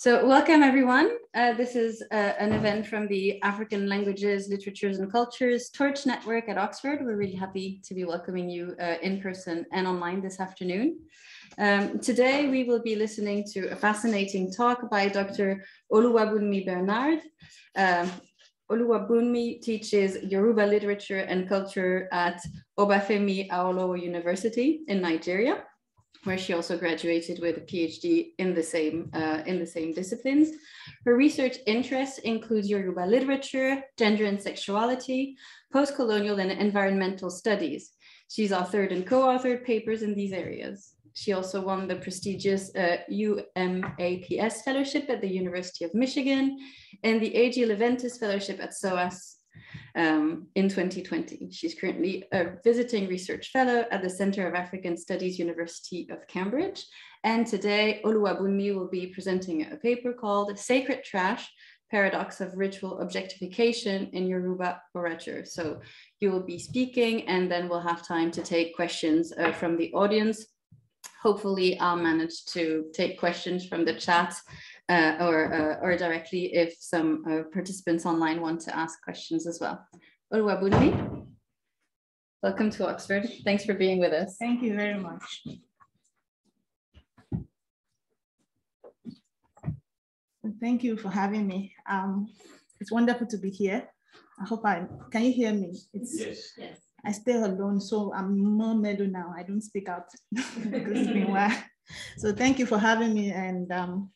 So welcome everyone. Uh, this is uh, an event from the African Languages, Literatures and Cultures Torch Network at Oxford. We're really happy to be welcoming you uh, in person and online this afternoon. Um, today we will be listening to a fascinating talk by Dr. Oluwabunmi Bernard. Um, Oluwabunmi teaches Yoruba literature and culture at Obafemi Awolowo University in Nigeria where she also graduated with a PhD in the same, uh, in the same disciplines. Her research interests include Yoruba literature, gender and sexuality, post-colonial and environmental studies. She's authored and co-authored papers in these areas. She also won the prestigious uh, UMAPS Fellowship at the University of Michigan and the A.G. Leventis Fellowship at SOAS um, in 2020. She's currently a visiting research fellow at the Center of African Studies, University of Cambridge. And today, Oluwabunmi will be presenting a paper called Sacred Trash, Paradox of Ritual Objectification in Yoruba Orature. So you will be speaking and then we'll have time to take questions uh, from the audience. Hopefully I'll manage to take questions from the chat uh, or, uh, or directly if some uh, participants online want to ask questions as well. Olwa Bunmi, welcome to Oxford. Thanks for being with us. Thank you very much. Thank you for having me. Um, it's wonderful to be here. I hope I, can you hear me? It's, yes. yes. I stay alone, so I'm more mellow now. I don't speak out because it's been So thank you for having me and um,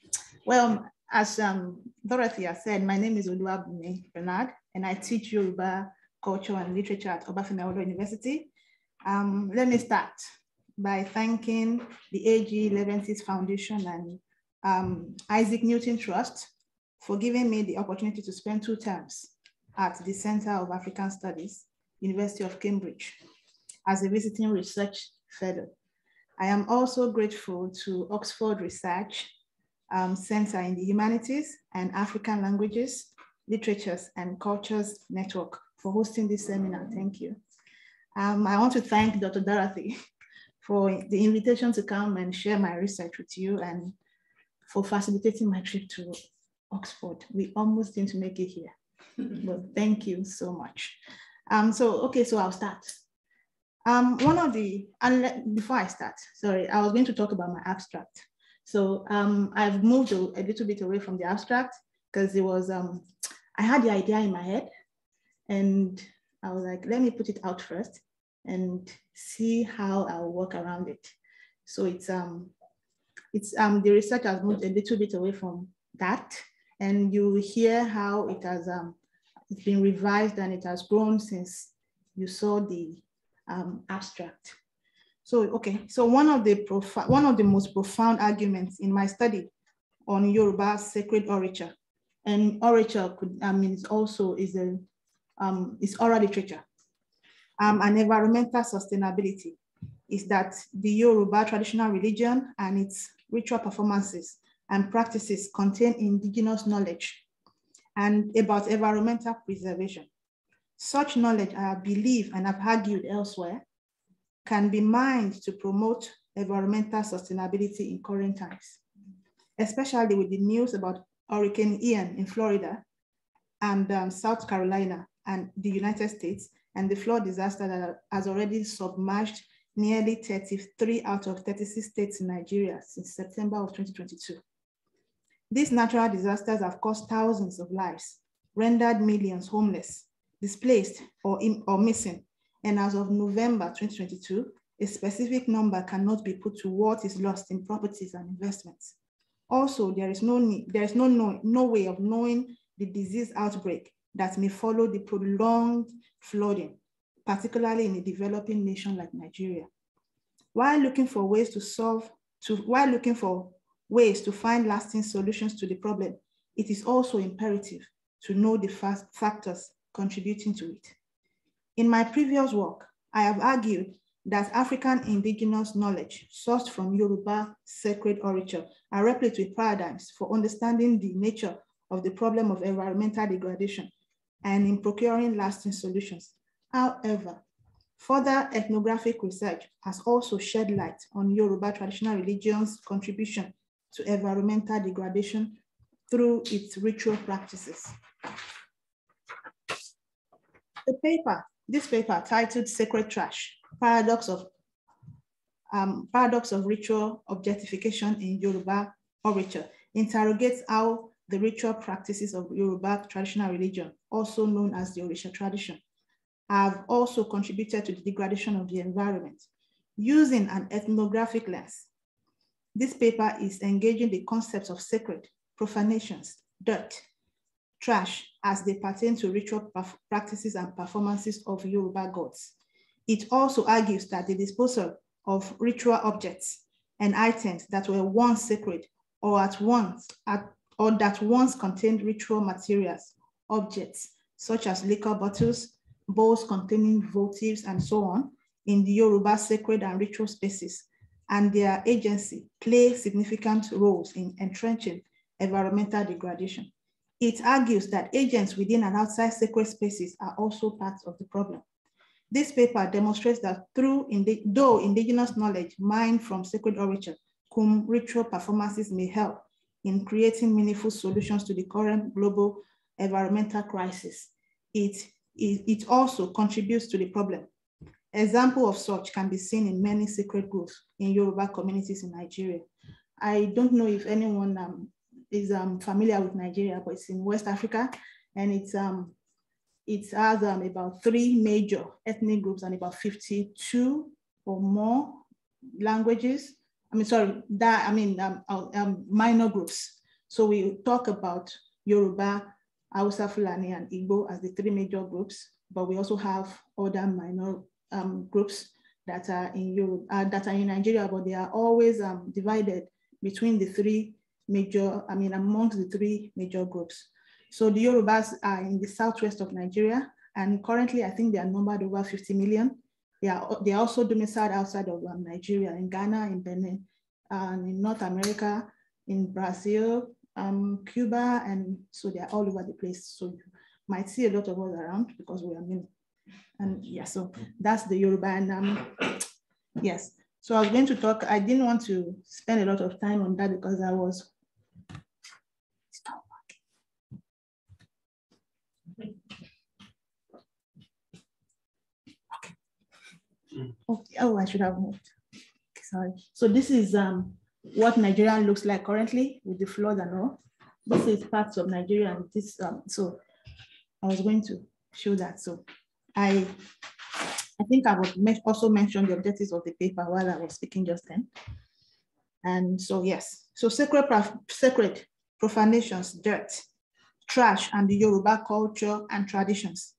well, as um, Dorothy has said, my name is Oluwabumi Bernard, and I teach Yoruba culture and literature at Obafemi Awolowo University. Um, let me start by thanking the AG Levensis Foundation and um, Isaac Newton Trust for giving me the opportunity to spend two terms at the Center of African Studies, University of Cambridge, as a visiting research fellow. I am also grateful to Oxford Research um, Center in the Humanities and African Languages, Literatures and Cultures Network for hosting this seminar. Thank you. Um, I want to thank Dr. Dorothy for the invitation to come and share my research with you and for facilitating my trip to Oxford. We almost didn't make it here, but thank you so much. Um, so, okay, so I'll start. Um, one of the, before I start, sorry, I was going to talk about my abstract. So um, I've moved a, a, little bit away from the abstract because it was, um, I had the idea in my head and I was like, let me put it out first and see how I'll work around it. So it's, um, it's um, the research has moved a little bit away from that and you hear how it has um, it's been revised and it has grown since you saw the um, abstract. So, okay, so one of the profi- one of the most profound arguments in my study on Yoruba sacred orature, and orature could, I mean, it's also is a, um, is oral literature, um, and environmental sustainability is that the Yoruba traditional religion and its ritual performances and practices contain indigenous knowledge and about environmental preservation. Such knowledge, I believe and I've argued elsewhere, can be mined to promote environmental sustainability in current times, especially with the news about Hurricane Ian in Florida and um, South Carolina and the United States and the flood disaster that has already submerged nearly 33 out of 36 states in Nigeria since September of 2022. These natural disasters have cost thousands of lives, rendered millions homeless, displaced or, in, or missing, and as of November 2022, a specific number cannot be put to what is lost in properties and investments. Also, there is no, need, there is no, no, no way of knowing the disease outbreak that may follow the prolonged flooding, particularly in a developing nation like Nigeria. While looking for ways to solve, to, while looking for ways to find lasting solutions to the problem, it is also imperative to know the fast factors contributing to it. In my previous work, I have argued that African indigenous knowledge sourced from Yoruba sacred orature are replete with paradigms for understanding the nature of the problem of environmental degradation and in procuring lasting solutions. However, further ethnographic research has also shed light on Yoruba traditional religion's contribution to environmental degradation through its ritual practices. The paper this paper titled Sacred Trash, Paradox of, um, Paradox of Ritual Objectification in Yoruba Literature, interrogates how the ritual practices of Yoruba traditional religion, also known as the Orisha tradition, have also contributed to the degradation of the environment using an ethnographic lens. This paper is engaging the concepts of sacred, profanations, dirt, trash as they pertain to ritual practices and performances of Yoruba gods. It also argues that the disposal of ritual objects and items that were once sacred or at once at, or that once contained ritual materials, objects such as liquor bottles, bowls containing votives and so on in the Yoruba sacred and ritual spaces and their agency play significant roles in entrenching environmental degradation. It argues that agents within and outside sacred spaces are also part of the problem. This paper demonstrates that through, indi though indigenous knowledge mined from sacred origin, cum ritual performances may help in creating meaningful solutions to the current global environmental crisis. It, it, it also contributes to the problem. Example of such can be seen in many sacred groups in Yoruba communities in Nigeria. I don't know if anyone um, is um, familiar with Nigeria, but it's in West Africa, and it's um, it has um, about three major ethnic groups and about 52 or more languages. I mean, sorry, that I mean um, uh, um, minor groups. So we talk about Yoruba, Hausa, Fulani, and Igbo as the three major groups, but we also have other minor um, groups that are in Europe, uh, that are in Nigeria, but they are always um, divided between the three major, I mean, amongst the three major groups. So the Yorubas are in the southwest of Nigeria, and currently I think they are numbered over 50 million. They are, they are also domiciled outside of um, Nigeria, in Ghana, in Benin, and in North America, in Brazil, um, Cuba, and so they are all over the place. So you might see a lot of us around because we are many. And yeah, so that's the Yoruba. And um, yes, so I was going to talk, I didn't want to spend a lot of time on that because I was Okay. Oh, I should have moved. Sorry. So this is um, what Nigeria looks like currently with the flood and all. This is parts of Nigeria and this, um, so I was going to show that. So I, I think I would also mention the objectives of the paper while I was speaking just then. And so, yes, so sacred, sacred profanations, dirt, trash, and the Yoruba culture and traditions.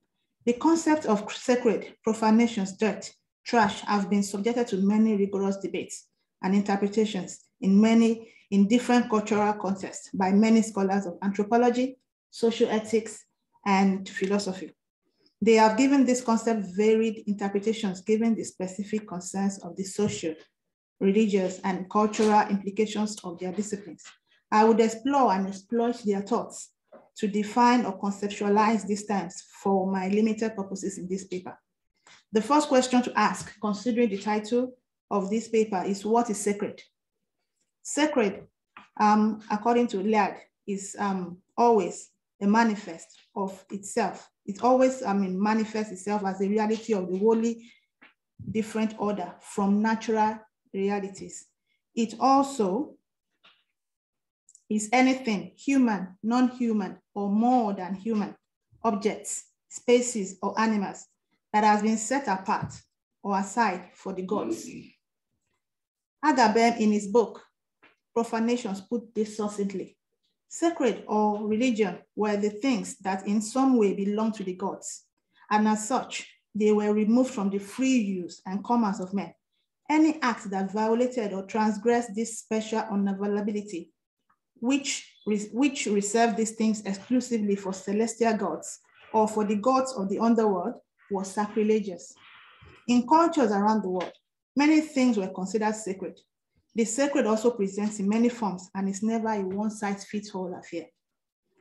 The concept of sacred profanations, dirt, trash have been subjected to many rigorous debates and interpretations in many in different cultural contexts by many scholars of anthropology, social ethics, and philosophy. They have given this concept varied interpretations given the specific concerns of the social, religious, and cultural implications of their disciplines. I would explore and exploit their thoughts to define or conceptualize these terms for my limited purposes in this paper. The first question to ask, considering the title of this paper, is what is sacred? Sacred, um, according to Liad, is um, always a manifest of itself. It always, I mean, manifests itself as a reality of the wholly different order from natural realities. It also is anything human, non-human, or more than human objects, spaces, or animals that has been set apart or aside for the gods. Agabem in his book, Profanations, put this succinctly. Sacred or religion were the things that in some way belonged to the gods, and as such, they were removed from the free use and commerce of men. Any act that violated or transgressed this special unavailability, which, which reserved these things exclusively for celestial gods or for the gods of the underworld, was sacrilegious. In cultures around the world, many things were considered sacred. The sacred also presents in many forms and is never a one size fits all affair.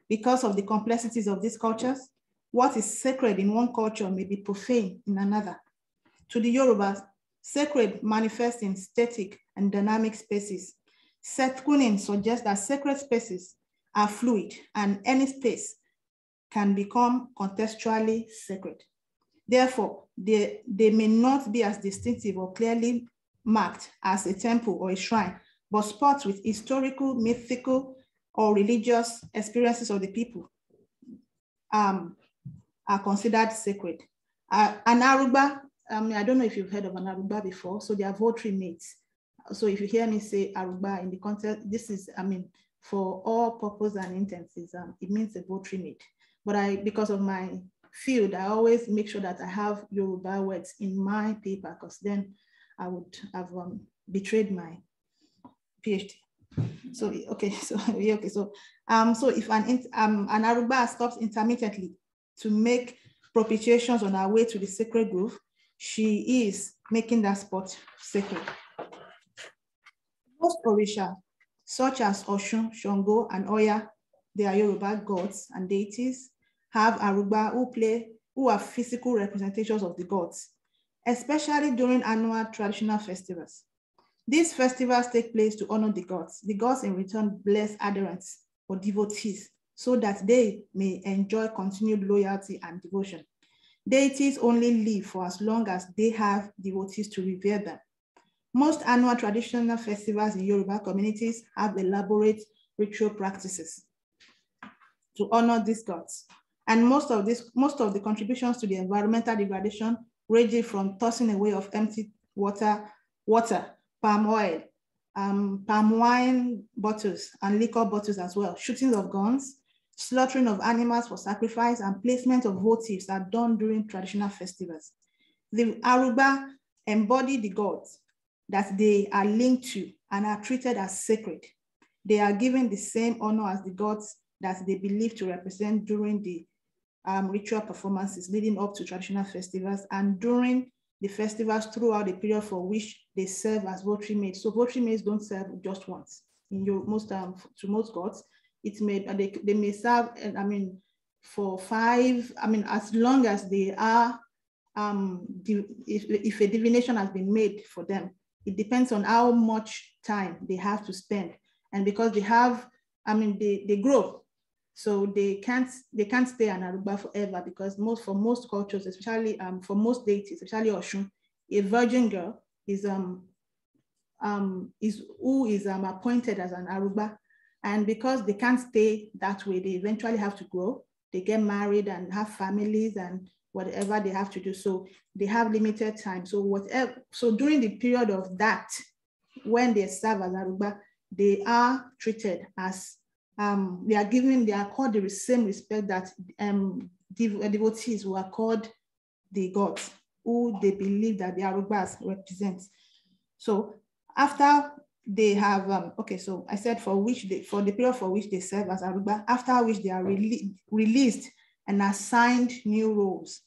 Because of the complexities of these cultures, what is sacred in one culture may be profane in another. To the Yorubas, sacred manifests in static and dynamic spaces. Seth Kunin suggests that sacred spaces are fluid and any space can become contextually sacred. Therefore, they, they may not be as distinctive or clearly marked as a temple or a shrine, but spots with historical, mythical, or religious experiences of the people um, are considered sacred. Uh, Anaruba, I, mean, I don't know if you've heard of Anaruba before, so they are votary mates. So if you hear me say Aruba in the context, this is, I mean, for all purposes and intents, um, it means a votary mate. But I, because of my field, I always make sure that I have Yoruba words in my paper because then I would have um, betrayed my PhD. So okay, so yeah, okay, so um, so if an um, an Aruba stops intermittently to make propitiations on her way to the sacred grove, she is making that spot sacred. Most Orisha, such as Oshun, Shango, and Oya, they are Yoruba gods and deities have Aruba who play, who are physical representations of the gods, especially during annual traditional festivals. These festivals take place to honor the gods. The gods in return bless adherents or devotees so that they may enjoy continued loyalty and devotion. Deities only live for as long as they have devotees to revere them. Most annual traditional festivals in Yoruba communities have elaborate ritual practices to honor these gods. And most of this, most of the contributions to the environmental degradation ranging from tossing away of empty water, water, palm oil, um, palm wine bottles and liquor bottles as well, shootings of guns, slaughtering of animals for sacrifice and placement of votives are done during traditional festivals. The Aruba embody the gods that they are linked to and are treated as sacred. They are given the same honor as the gods that they believe to represent during the um, ritual performances leading up to traditional festivals and during the festivals throughout the period for which they serve as votary maids. So votary maids don't serve just once in your most um, to most gods. It may uh, they, they may serve, And uh, I mean, for five, I mean, as long as they are um, if, if a divination has been made for them. It depends on how much time they have to spend. And because they have, I mean, they, they grow so they can't they can't stay an Aruba forever because most for most cultures, especially um, for most deities, especially Oshun, a virgin girl is um um is who is um appointed as an Aruba, and because they can't stay that way, they eventually have to grow. They get married and have families and whatever they have to do. So they have limited time. So whatever so during the period of that, when they serve as Aruba, they are treated as um, they are given, they are called the same respect that um, uh, devotees who are called the gods, who they believe that the Arubas represents. So after they have, um, okay, so I said for which they, for the period for which they serve as Aruba, after which they are rele released and assigned new roles.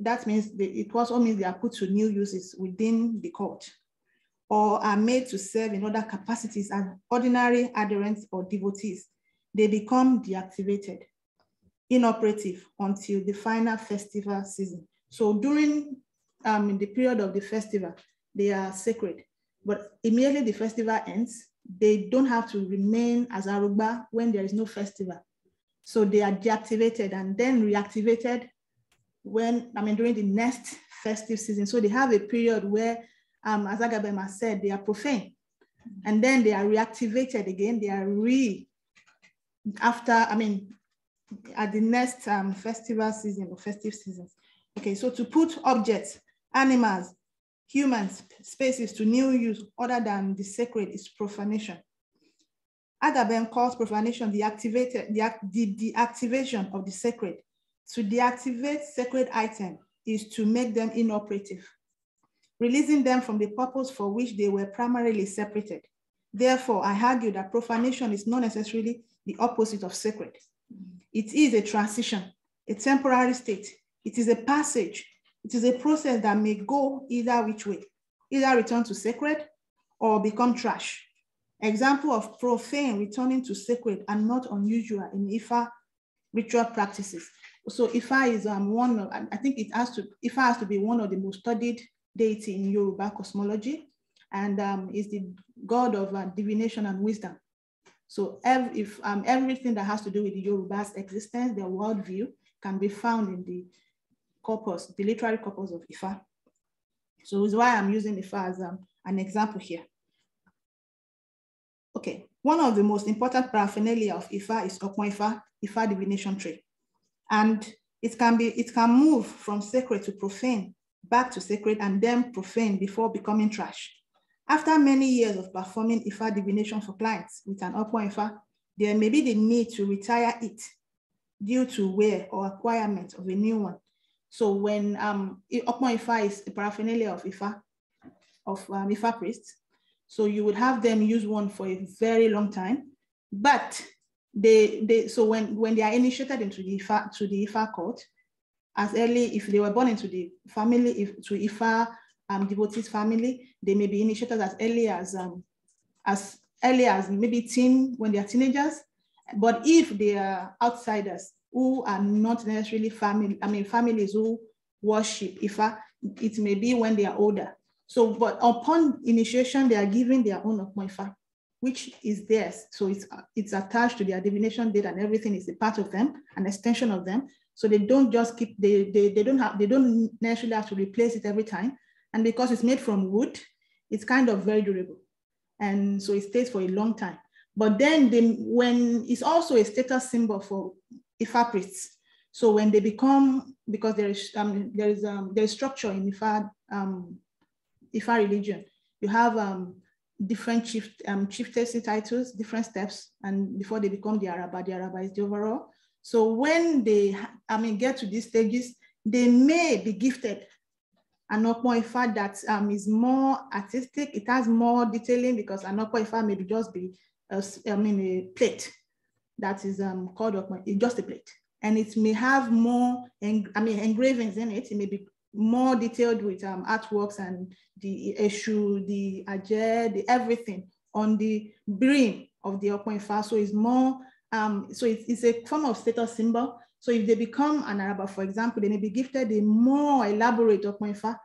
That means they, it also means they are put to new uses within the court or are made to serve in other capacities as ordinary adherents or devotees they become deactivated, inoperative until the final festival season. So during um, the period of the festival, they are sacred. But immediately the festival ends, they don't have to remain as Aruba when there is no festival. So they are deactivated and then reactivated when, I mean, during the next festive season. So they have a period where, um, as Agabema said, they are profane. And then they are reactivated again, they are re after, I mean, at the next um, festival season or festive seasons. Okay, so to put objects, animals, humans, spaces to new use other than the sacred is profanation. than calls profanation the, activated, the, the deactivation of the sacred. To deactivate sacred item is to make them inoperative, releasing them from the purpose for which they were primarily separated. Therefore, I argue that profanation is not necessarily the opposite of sacred. It is a transition, a temporary state. It is a passage. It is a process that may go either which way, either return to sacred or become trash. Example of profane returning to sacred are not unusual in Ifa ritual practices. So Ifa is um, one of, I think it has to, Ifa has to be one of the most studied deity in Yoruba cosmology and um, is the god of uh, divination and wisdom. So if um, everything that has to do with the Yoruba's existence, their worldview, can be found in the corpus, the literary corpus of Ifa. So it's why I'm using Ifa as um, an example here. Okay, one of the most important paraphernalia of Ifa is Okon Ifa, Ifa divination tree. And it can be, it can move from sacred to profane, back to sacred and then profane before becoming trash. After many years of performing IFA divination for clients with an upper IFA, there may be the need to retire it due to wear or acquirement of a new one. So when um, Okwa IFA is a paraphernalia of IFA, of um, IFA priests, so you would have them use one for a very long time, but they, they so when, when they are initiated into the IFA, to the IFA court, as early if they were born into the family if, to IFA um, devotees family. They may be initiated as early as, um, as early as maybe teen when they are teenagers. But if they are outsiders who are not necessarily family, I mean families who worship Ifa, it may be when they are older. So, but upon initiation, they are given their own Ifa, which is theirs. So it's it's attached to their divination date and everything is a part of them, an extension of them. So they don't just keep they they, they don't have they don't necessarily have to replace it every time. And because it's made from wood, it's kind of very durable. And so it stays for a long time. But then they, when it's also a status symbol for Ifa priests. So when they become, because there is, um, there is, um, there is structure in Ifa, um, Ifa religion, you have um, different chief, um, chieftaincy titles, different steps, and before they become the Araba, the Araba is the overall. So when they, I mean, get to these stages, they may be gifted Anokpo Ifa that um, is more artistic. It has more detailing because Anokpo Ifa maybe just be, I mean, a plate that is um, called just a plate. And it may have more, I mean, engravings in it. It may be more detailed with um, artworks and the issue, the ajay, the everything on the brim of the Okpo Ifa. So it's more, um, so it's, it's a form of status symbol so if they become an Araba, for example, they may be gifted a more elaborate Okwenfa.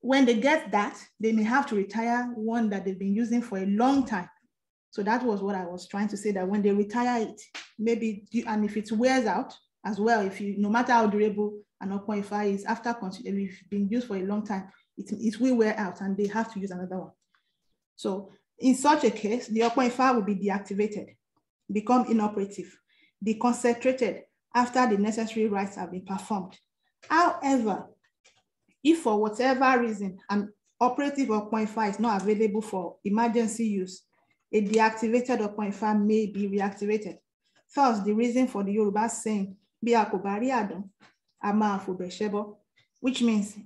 When they get that, they may have to retire one that they've been using for a long time. So that was what I was trying to say, that when they retire it, maybe, and if it wears out as well, if you, no matter how durable an Okwenfa is, after it's been used for a long time, it, it will wear out and they have to use another one. So in such a case, the Okwenfa will be deactivated, become inoperative, deconcentrated, after the necessary rites have been performed. However, if for whatever reason an operative or .5 is not available for emergency use, a deactivated or .5 may be reactivated. Thus, the reason for the Yoruba saying, bí a kò which means,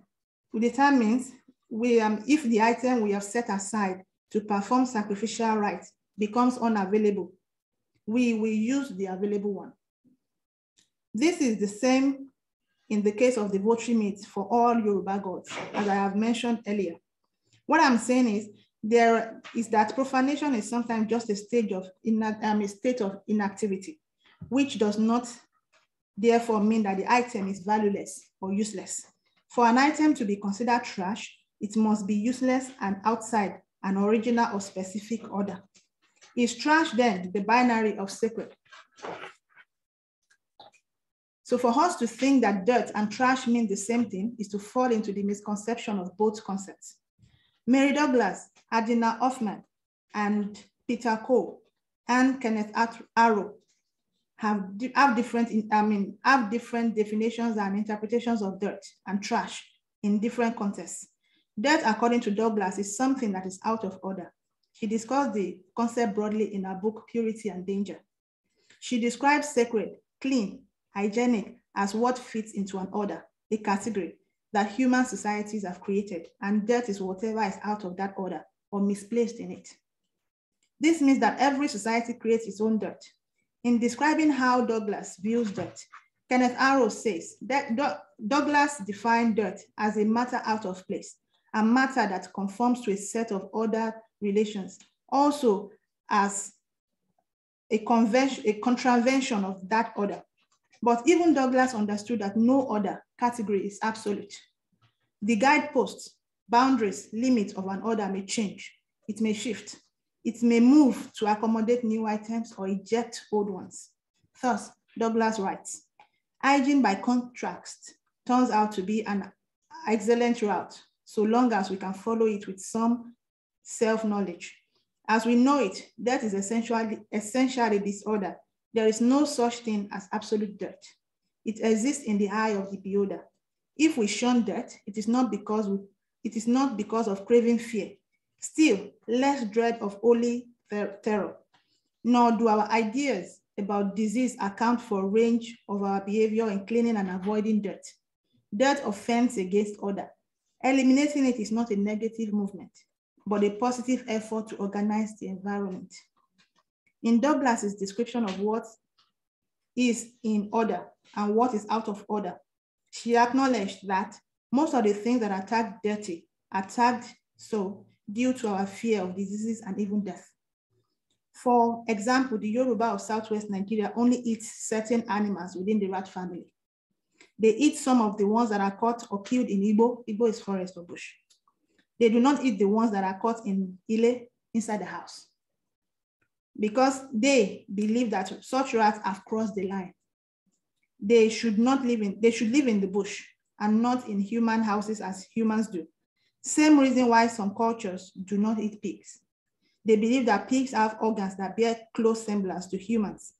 we, um, if the item we have set aside to perform sacrificial rites becomes unavailable, we will use the available one. This is the same in the case of the votary myth for all Yoruba gods, as I have mentioned earlier. What I'm saying is there is that profanation is sometimes just a stage of um, a state of inactivity, which does not therefore mean that the item is valueless or useless. For an item to be considered trash, it must be useless and outside an original or specific order. Is trash then the binary of sacred? So for us to think that dirt and trash mean the same thing is to fall into the misconception of both concepts. Mary Douglas, Adina Hoffman, and Peter Cole, and Kenneth Arrow have, have, different, I mean, have different definitions and interpretations of dirt and trash in different contexts. Dirt, according to Douglas, is something that is out of order. She discussed the concept broadly in her book, Purity and Danger. She describes sacred, clean, hygienic as what fits into an order, a category that human societies have created, and dirt is whatever is out of that order or misplaced in it. This means that every society creates its own dirt. In describing how Douglas views dirt, Kenneth Arrow says that Douglas defined dirt as a matter out of place, a matter that conforms to a set of order relations, also as a, a contravention of that order but even Douglas understood that no other category is absolute. The guideposts, boundaries, limits of an order may change. It may shift. It may move to accommodate new items or eject old ones. Thus, Douglas writes, hygiene by contrast turns out to be an excellent route, so long as we can follow it with some self-knowledge. As we know it, that is essentially, essentially disorder there is no such thing as absolute dirt. It exists in the eye of the beholder. If we shun dirt, it is not because we, it is not because of craving fear. Still, less dread of holy ter terror. Nor do our ideas about disease account for range of our behavior in cleaning and avoiding dirt. Dirt offends against order. Eliminating it is not a negative movement, but a positive effort to organize the environment. In Douglas's description of what is in order and what is out of order, she acknowledged that most of the things that are tagged dirty are tagged so due to our fear of diseases and even death. For example, the Yoruba of Southwest Nigeria only eats certain animals within the rat family. They eat some of the ones that are caught or killed in Igbo. Igbo is forest or bush. They do not eat the ones that are caught in Ile inside the house because they believe that such rats have crossed the line. They should not live in, they should live in the bush and not in human houses as humans do. Same reason why some cultures do not eat pigs. They believe that pigs have organs that bear close semblance to humans.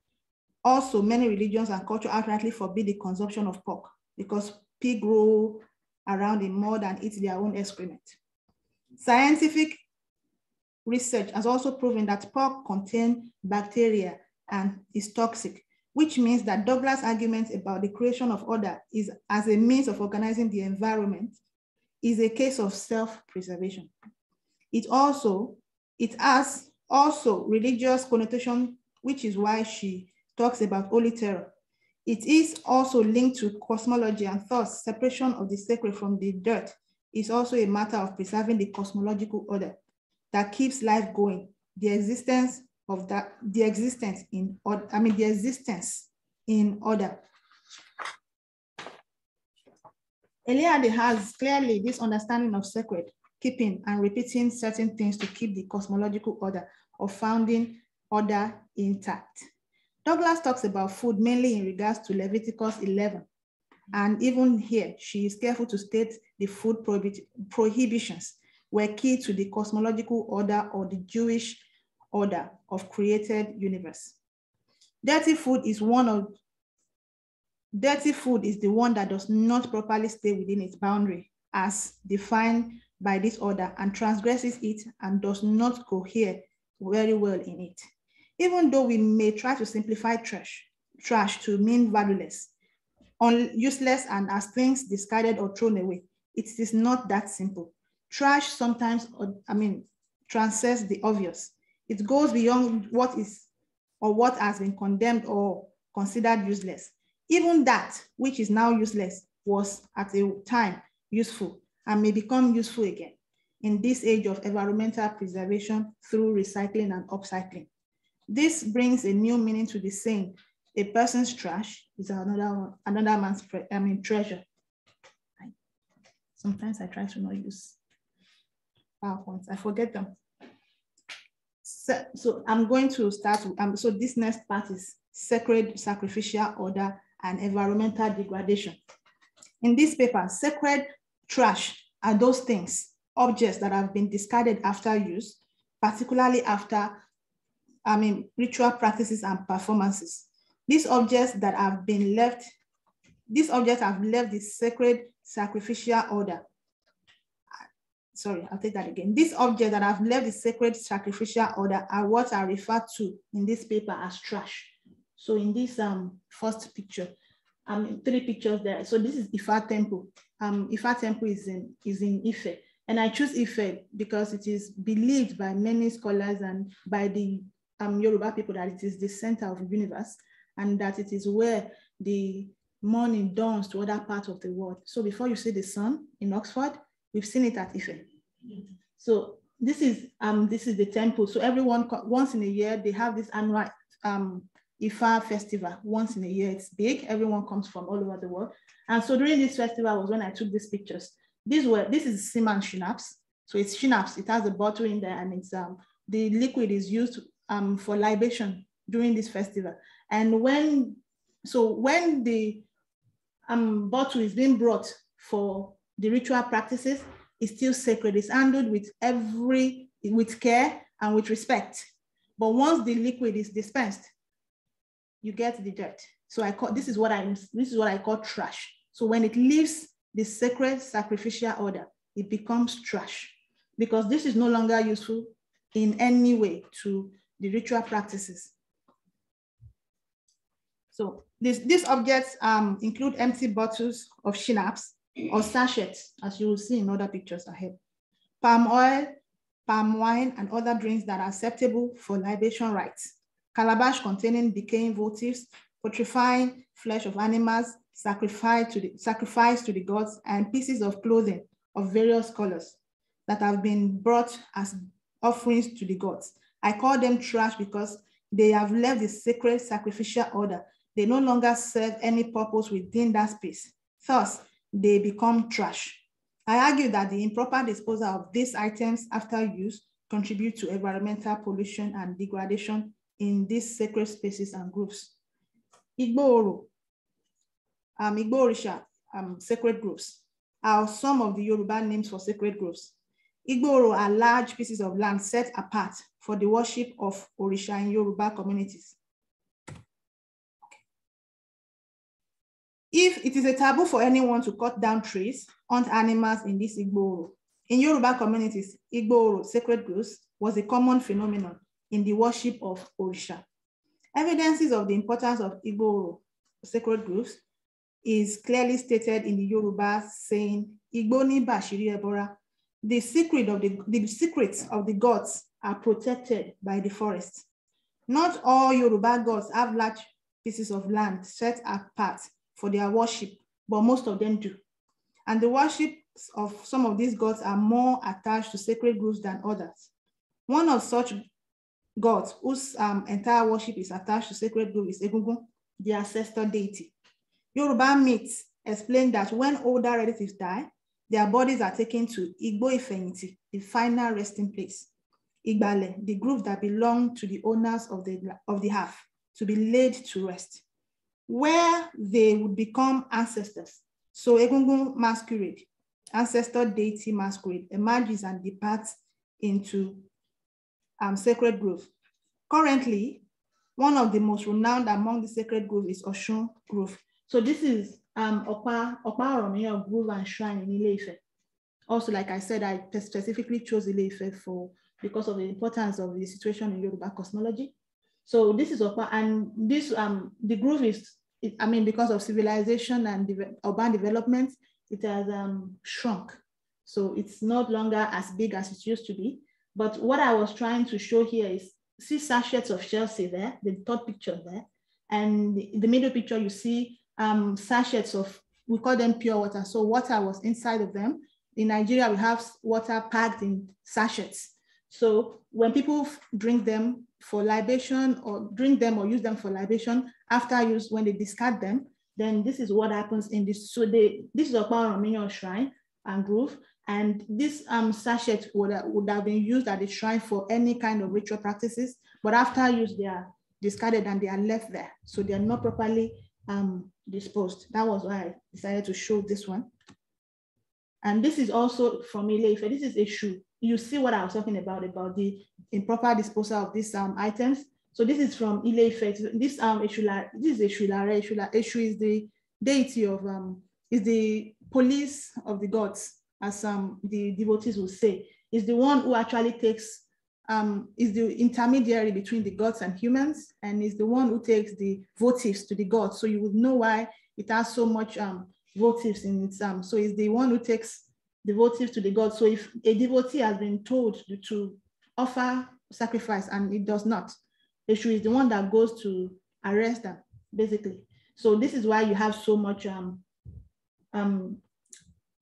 Also, many religions and cultures outrightly forbid the consumption of pork because pigs grow around in mud and eat their own excrement. Scientific research has also proven that pork contain bacteria and is toxic, which means that Douglas' argument about the creation of order is as a means of organizing the environment is a case of self-preservation. It also, it has also religious connotation, which is why she talks about holy terror. It is also linked to cosmology and thus separation of the sacred from the dirt is also a matter of preserving the cosmological order that keeps life going, the existence of that, the existence in order, I mean, the existence in order. Eliade has clearly this understanding of sacred, keeping and repeating certain things to keep the cosmological order of founding order intact. Douglas talks about food mainly in regards to Leviticus 11. And even here, she is careful to state the food prohibitions were key to the cosmological order or the Jewish order of created universe. Dirty food is one of dirty food is the one that does not properly stay within its boundary as defined by this order and transgresses it and does not cohere very well in it. Even though we may try to simplify trash, trash to mean valueless, useless, and as things discarded or thrown away, it is not that simple. Trash sometimes, I mean, transcends the obvious. It goes beyond what is or what has been condemned or considered useless. Even that which is now useless was at a time useful and may become useful again in this age of environmental preservation through recycling and upcycling. This brings a new meaning to the saying, a person's trash is another, another man's I mean, treasure. Sometimes I try to not use PowerPoints. I forget them. So, so I'm going to start, um, so this next part is sacred sacrificial order and environmental degradation. In this paper, sacred trash are those things, objects that have been discarded after use, particularly after, I mean, ritual practices and performances. These objects that have been left, these objects have left the sacred sacrificial order sorry, I'll take that again. This object that i have left the sacred sacrificial order are what are referred to in this paper as trash. So in this um, first picture, I um, mean, three pictures there. So this is Ifa temple. Um, Ifa temple is in, is in Ife. And I choose Ife because it is believed by many scholars and by the um, Yoruba people that it is the center of the universe and that it is where the morning dawns to other parts of the world. So before you see the sun in Oxford, We've seen it at Ife. So this is um this is the temple. So everyone once in a year they have this annual um Ifa festival once in a year. It's big. Everyone comes from all over the world. And so during this festival was when I took these pictures. These were this is Siman Shinaps. So it's Shinaps. It has a bottle in there, and it's um the liquid is used um for libation during this festival. And when so when the um bottle is being brought for the ritual practices is still sacred. It's handled with every, with care and with respect. But once the liquid is dispensed, you get the dirt. So I call, this is what I'm, this is what I call trash. So when it leaves the sacred sacrificial order, it becomes trash because this is no longer useful in any way to the ritual practices. So this, these objects um, include empty bottles of schnapps, or sachet, as you will see in other pictures ahead. Palm oil, palm wine, and other drinks that are acceptable for libation rites. Calabash containing decaying votives, putrefying flesh of animals, sacrificed to the, sacrificed to the gods, and pieces of clothing of various colors that have been brought as offerings to the gods. I call them trash because they have left the sacred sacrificial order. They no longer serve any purpose within that space. Thus, they become trash. I argue that the improper disposal of these items after use contribute to environmental pollution and degradation in these sacred spaces and groups. Igbooro, um, Igborisha, um, sacred groves are some of the Yoruba names for sacred groves. Igbooro are large pieces of land set apart for the worship of Orisha in Yoruba communities. If it is a taboo for anyone to cut down trees, hunt animals in this Igbo In Yoruba communities, Igbo sacred groves was a common phenomenon in the worship of Orisha. Evidences of the importance of Igbo sacred groves is clearly stated in the Yoruba saying, Igbo ni Bashiri Ebora, the secret of the, the secrets of the gods are protected by the forest. Not all Yoruba gods have large pieces of land set apart for their worship, but most of them do. And the worship of some of these gods are more attached to sacred groups than others. One of such gods whose um, entire worship is attached to sacred groves, is Egungun, the ancestor deity. Yoruba myths explain that when older relatives die, their bodies are taken to Igbo Ifeyinti, the final resting place. Igbale, the group that belonged to the owners of the, of the half, to be laid to rest where they would become ancestors. So Egungun masquerade, ancestor deity masquerade, emerges and departs into um, sacred grove. Currently, one of the most renowned among the sacred grove is Oshun Grove. So this is um, Opa, Opa Romeo Grove and Shrine in Ileife. Also, like I said, I specifically chose Ileife for because of the importance of the situation in Yoruba cosmology. So this is open, and this um the groove is, it, I mean, because of civilization and de urban development, it has um, shrunk. So it's not longer as big as it used to be. But what I was trying to show here is see sachets of Chelsea there, the top picture there, and the, the middle picture you see um, sachets of we call them pure water. So water was inside of them. In Nigeria, we have water packed in sachets. So when people drink them for libation or drink them or use them for libation after use, when they discard them, then this is what happens in this. So they, this is upon Romanian shrine and grove. And this um, sachet would, would have been used at the shrine for any kind of ritual practices, but after use, they are discarded and they are left there. So they are not properly um, disposed. That was why I decided to show this one. And this is also from Ileife. This is a shoe you see what I was talking about, about the improper disposal of these um, items. So this is from Ile Ife. This um Eshula, this is Eshulare. Eshula, Eshu is the deity of um is the police of the gods, as um the devotees will say. Is the one who actually takes um is the intermediary between the gods and humans, and is the one who takes the votives to the gods. So you would know why it has so much um votives in its um. So is the one who takes Devotees to the god. So if a devotee has been told to offer sacrifice and it does not, Eshu is the one that goes to arrest them, basically. So this is why you have so much um, um,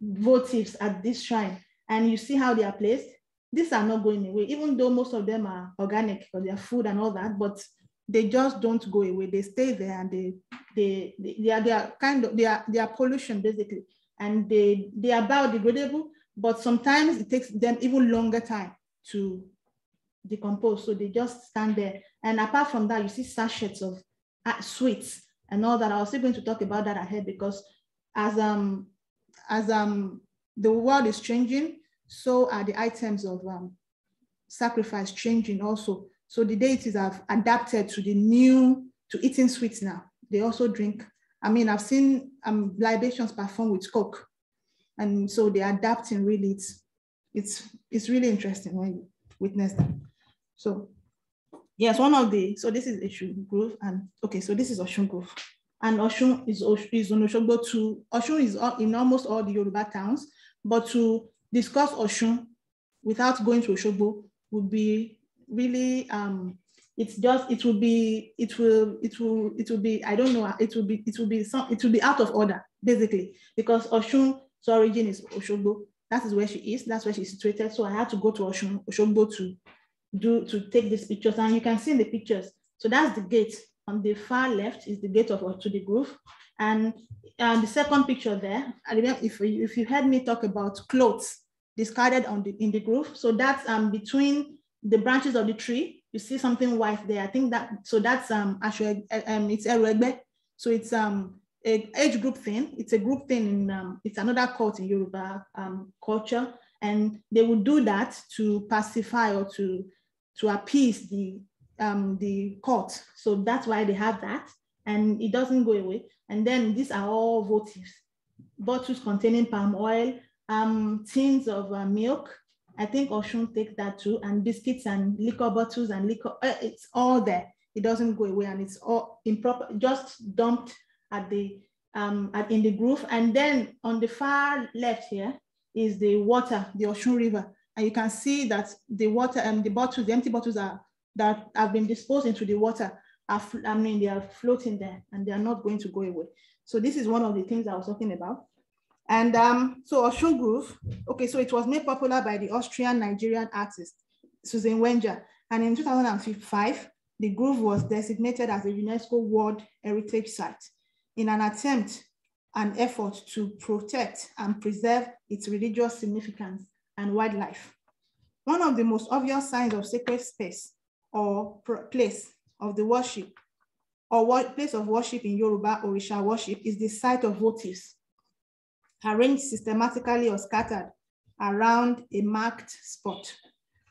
votives at this shrine. And you see how they are placed. These are not going away, even though most of them are organic or they're food and all that, but they just don't go away. They stay there and they, they, they, they, are, they are kind of, they are, they are pollution basically and they, they are biodegradable, but sometimes it takes them even longer time to decompose. So they just stand there. And apart from that, you see sachets of uh, sweets and all that. I was still going to talk about that ahead because as um as um the world is changing, so are the items of um, sacrifice changing also. So the deities have adapted to the new to eating sweets now. They also drink I mean, I've seen um, libations performed with coke. And so they're adapting really. It's, it's, it's really interesting when you witness that. So yes, one of the, so this is Oshun Grove. And okay, so this is Oshun Grove. And Oshun is, is on Oshogbo to, Oshun is in almost all the Yoruba towns, but to discuss Oshun without going to Oshogbo would be really um, it's just it will be it will it will it will be I don't know it will be it will be some it will be out of order basically because Oshun's origin is Oshogbo. That is where she is. That's where she's situated. So I had to go to Oshun Oshogbo to do to take these pictures, and you can see in the pictures. So that's the gate on the far left is the gate of the groove and the second picture there. I remember if you, if you heard me talk about clothes discarded on the in the groove So that's um between the branches of the tree you see something white there. I think that, so that's, um, actually, eh, um it's Eregbe. So it's um, a age group thing. It's a group thing, in, um, it's another cult in Yoruba um, culture. And they would do that to pacify or to, to appease the, um, the court. So that's why they have that. And it doesn't go away. And then these are all votives bottles containing palm oil, um, tins of uh, milk, I think Oshun take that too, and biscuits and liquor bottles and liquor, uh, it's all there. It doesn't go away and it's all improper, just dumped at the, um, at, in the groove. And then on the far left here is the water, the Oshun River. And you can see that the water and um, the bottles, the empty bottles are, that have been disposed into the water, are, I mean, they are floating there and they are not going to go away. So this is one of the things I was talking about. And um, so Ocean Groove, okay, so it was made popular by the Austrian Nigerian artist, Susan Wenger. And in 2005, the groove was designated as a UNESCO World Heritage Site in an attempt and effort to protect and preserve its religious significance and wildlife. One of the most obvious signs of sacred space or place of the worship or place of worship in Yoruba Orisha worship is the site of votives arranged systematically or scattered around a marked spot.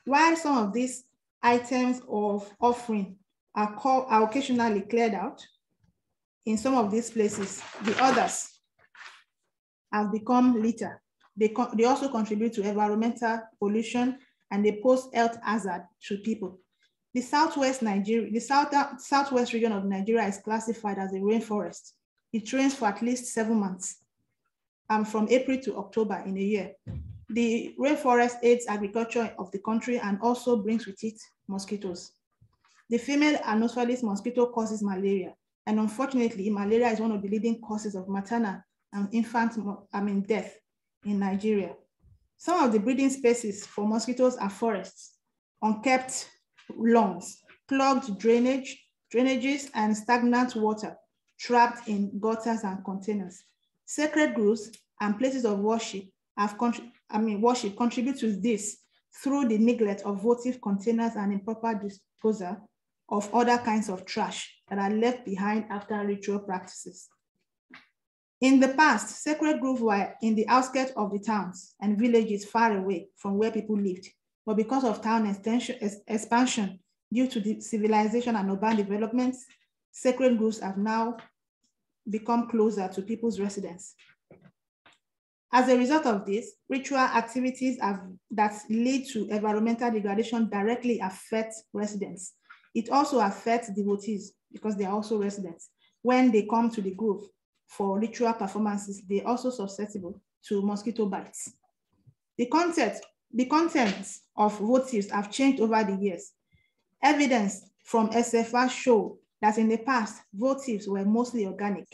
While some of these items of offering are, are occasionally cleared out, in some of these places, the others have become litter. They, they also contribute to environmental pollution and they pose health hazard to people. The Southwest Nigeria, the South, Southwest region of Nigeria is classified as a rainforest. It rains for at least seven months um, from April to October in a year. The rainforest aids agriculture of the country and also brings with it mosquitoes. The female anopheles mosquito causes malaria. And unfortunately, malaria is one of the leading causes of maternal and infant, I mean, death in Nigeria. Some of the breeding spaces for mosquitoes are forests, unkept lawns, clogged drainage, drainages, and stagnant water trapped in gutters and containers. Sacred groves and places of worship have I mean, worship contribute to this through the neglect of votive containers and improper disposal of other kinds of trash that are left behind after ritual practices. In the past, sacred groves were in the outskirts of the towns and villages far away from where people lived. But because of town extension, expansion due to the civilization and urban developments, sacred groves have now become closer to people's residence. As a result of this, ritual activities have, that lead to environmental degradation directly affect residents. It also affects devotees because they are also residents. When they come to the grove for ritual performances, they're also susceptible to mosquito bites. The content, the content of votives have changed over the years. Evidence from SFR show that in the past, votives were mostly organic.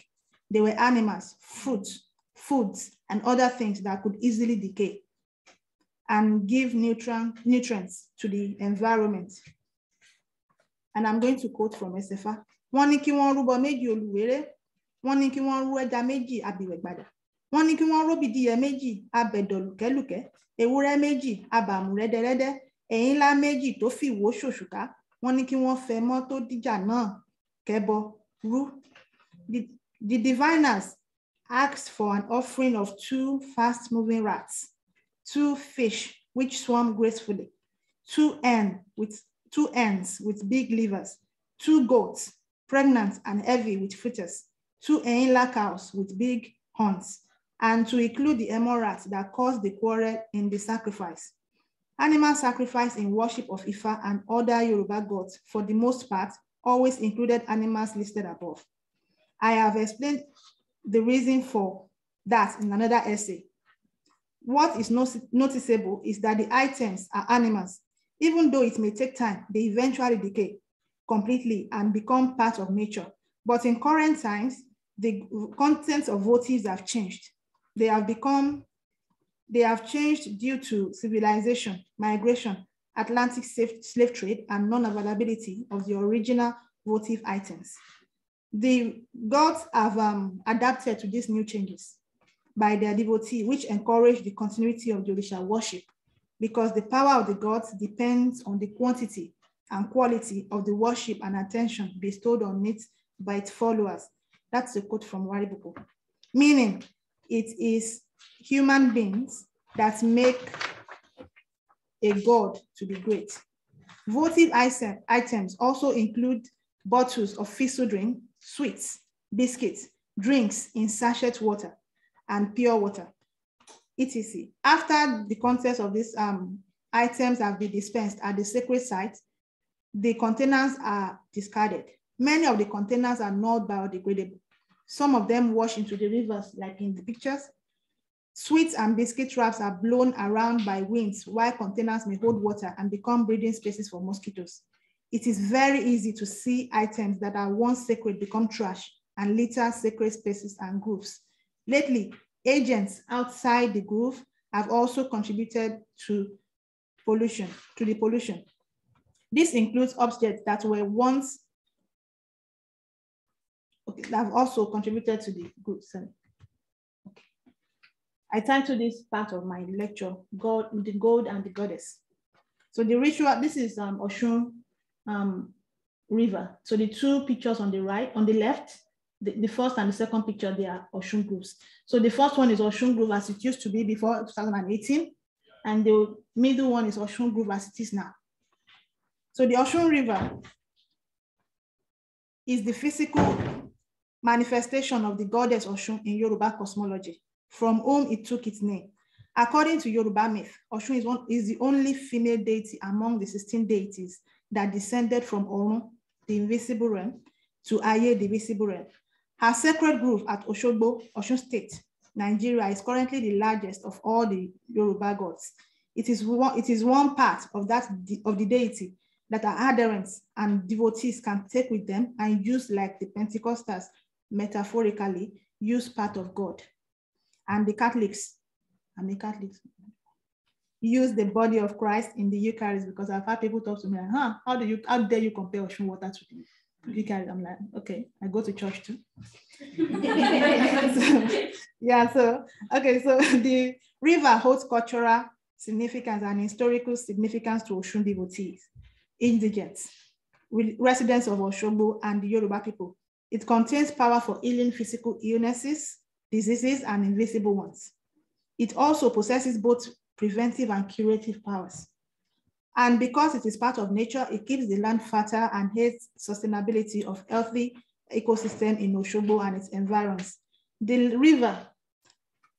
They were animals, fruit, foods, and other things that could easily decay and give nutrient, nutrients to the environment. And I'm going to quote from Esefa. One ní kí wọ́n rúbọ méjì olùwéré, one ní kí wọ́n rú ẹja méjì abìwẹ̀gbàdà, wọ́n ní kí wọ́n róbìdíyẹ méjì luke, e ewúrẹ́ méjì abàmù rẹ́dẹ́rẹ́dẹ́, e ńlá méjì tofi fìwó ṣòṣùká, one ní kí wọ́n fẹ́ mọ́ tó dìjà náà kẹ́bọ rú. The diviners asked for an offering of two fast moving rats, two fish which swam gracefully, two, end with, two ends with big livers, two goats, pregnant and heavy with fetus, two Einla cows with big horns, and to include the Emorat that caused the quarrel in the sacrifice. Animal sacrifice in worship of Ifa and other Yoruba gods, for the most part, always included animals listed above. I have explained the reason for that in another essay. What is noticeable is that the items are animals. Even though it may take time, they eventually decay completely and become part of nature. But in current times, the contents of votives have changed. They have become, they have changed due to civilization, migration, Atlantic slave trade, and non-availability of the original votive items. The gods have um, adapted to these new changes by their devotee, which encourage the continuity of the worship because the power of the gods depends on the quantity and quality of the worship and attention bestowed on it by its followers. That's a quote from Boko, Meaning, it is human beings that make a god to be great. Votive items also include bottles of fizzy drink, sweets, biscuits, drinks in sachet water and pure water, etc. After the contents of these um, items have been dispensed at the sacred site, the containers are discarded. Many of the containers are not biodegradable. Some of them wash into the rivers, like in the pictures. Sweets and biscuit wraps are blown around by winds, while containers may hold water and become breeding spaces for mosquitoes it is very easy to see items that are once sacred become trash and litter sacred spaces and groups. Lately, agents outside the group have also contributed to pollution, to the pollution. This includes objects that were once, okay, that have also contributed to the group. Sorry. Okay. I to this part of my lecture, God, the Gold and the Goddess. So the ritual, this is um, Oshun um, river. So the two pictures on the right, on the left, the, the, first and the second picture, they are Ocean Groves. So the first one is Ocean Grove as it used to be before 2018. And the middle one is Ocean Grove as it is now. So the Ocean River is the physical manifestation of the goddess Oshun in Yoruba cosmology, from whom it took its name. According to Yoruba myth, Oshun is, one, is the only female deity among the 16 deities that descended from Orun, the invisible realm, to Aye, the visible realm. Her sacred grove at Oshobo, Osun State, Nigeria is currently the largest of all the Yoruba gods. It is one, it is one part of, that, of the deity that our adherents and devotees can take with them and use like the Pentecostals metaphorically use part of God. And the Catholics, I'm a Catholic, use the body of Christ in the Eucharist because I've had people talk to me like, huh, how do you how dare you compare ocean water to the Eucharist? I'm like, okay, I go to church too. so, yeah, so okay, so the river holds cultural significance and historical significance to Oshun devotees, indigents, residents of Oshobo and the Yoruba people. It contains power for healing physical illnesses, diseases, and invisible ones. It also possesses both preventive and curative powers. And because it is part of nature, it keeps the land fertile and aids sustainability of healthy ecosystem in Oshobo and its environs. The river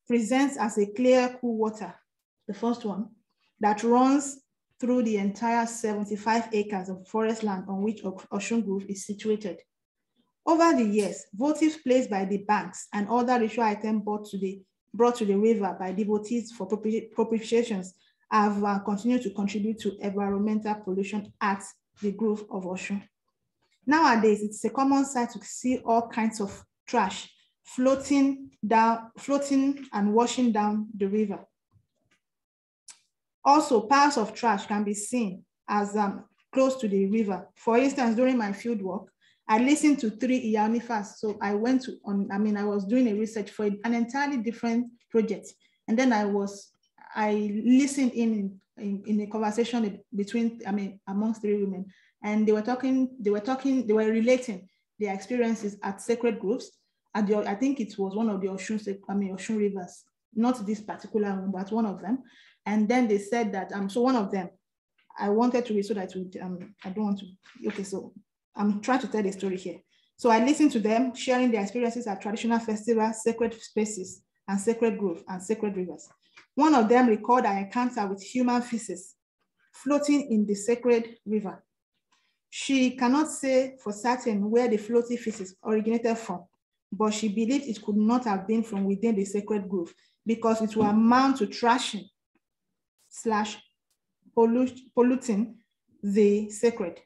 presents as a clear, cool water, the first one, that runs through the entire 75 acres of forest land on which Ocean Grove is situated. Over the years, votives placed by the banks and other ritual items brought to the brought to the river by devotees for propitiations have uh, continued to contribute to environmental pollution at the Grove of Oshun. Nowadays, it's a common sight to see all kinds of trash floating down, floating and washing down the river. Also, piles of trash can be seen as um, close to the river. For instance, during my field work, I listened to three Iyani So I went to, on, I mean, I was doing a research for an entirely different project. And then I was, I listened in, in, in a conversation between, I mean, amongst three women. And they were talking, they were talking, they were relating their experiences at sacred groves. At the, I think it was one of the Oshun, I mean, Oshun rivers, not this particular one, but one of them. And then they said that, um, so one of them, I wanted to read so that would, um, I don't want to, okay, so I'm trying to tell a story here. So I listened to them sharing their experiences at traditional festivals, sacred spaces, and sacred grove and sacred rivers. One of them recalled an encounter with human feces floating in the sacred river. She cannot say for certain where the floating feces originated from, but she believed it could not have been from within the sacred grove because it will amount to trashing slash polluting the sacred.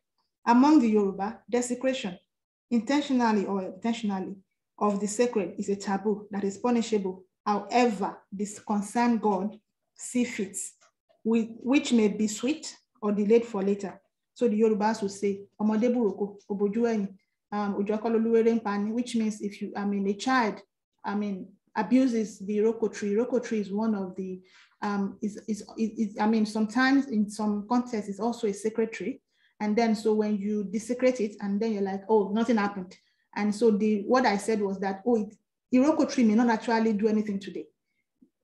Among the Yoruba, desecration, intentionally or intentionally, of the sacred is a taboo that is punishable, however, this concerned God see fits, which may be sweet or delayed for later. So the Yorubas will say, Obojueni, um, which means if you, I mean, a child, I mean, abuses the roko tree. Roko tree is one of the, um, is, is, is, is, I mean, sometimes in some contexts, it's also a sacred tree. And then so when you desecrate it and then you're like, oh, nothing happened. And so the what I said was that, oh, it, Iroko tree may not actually do anything today.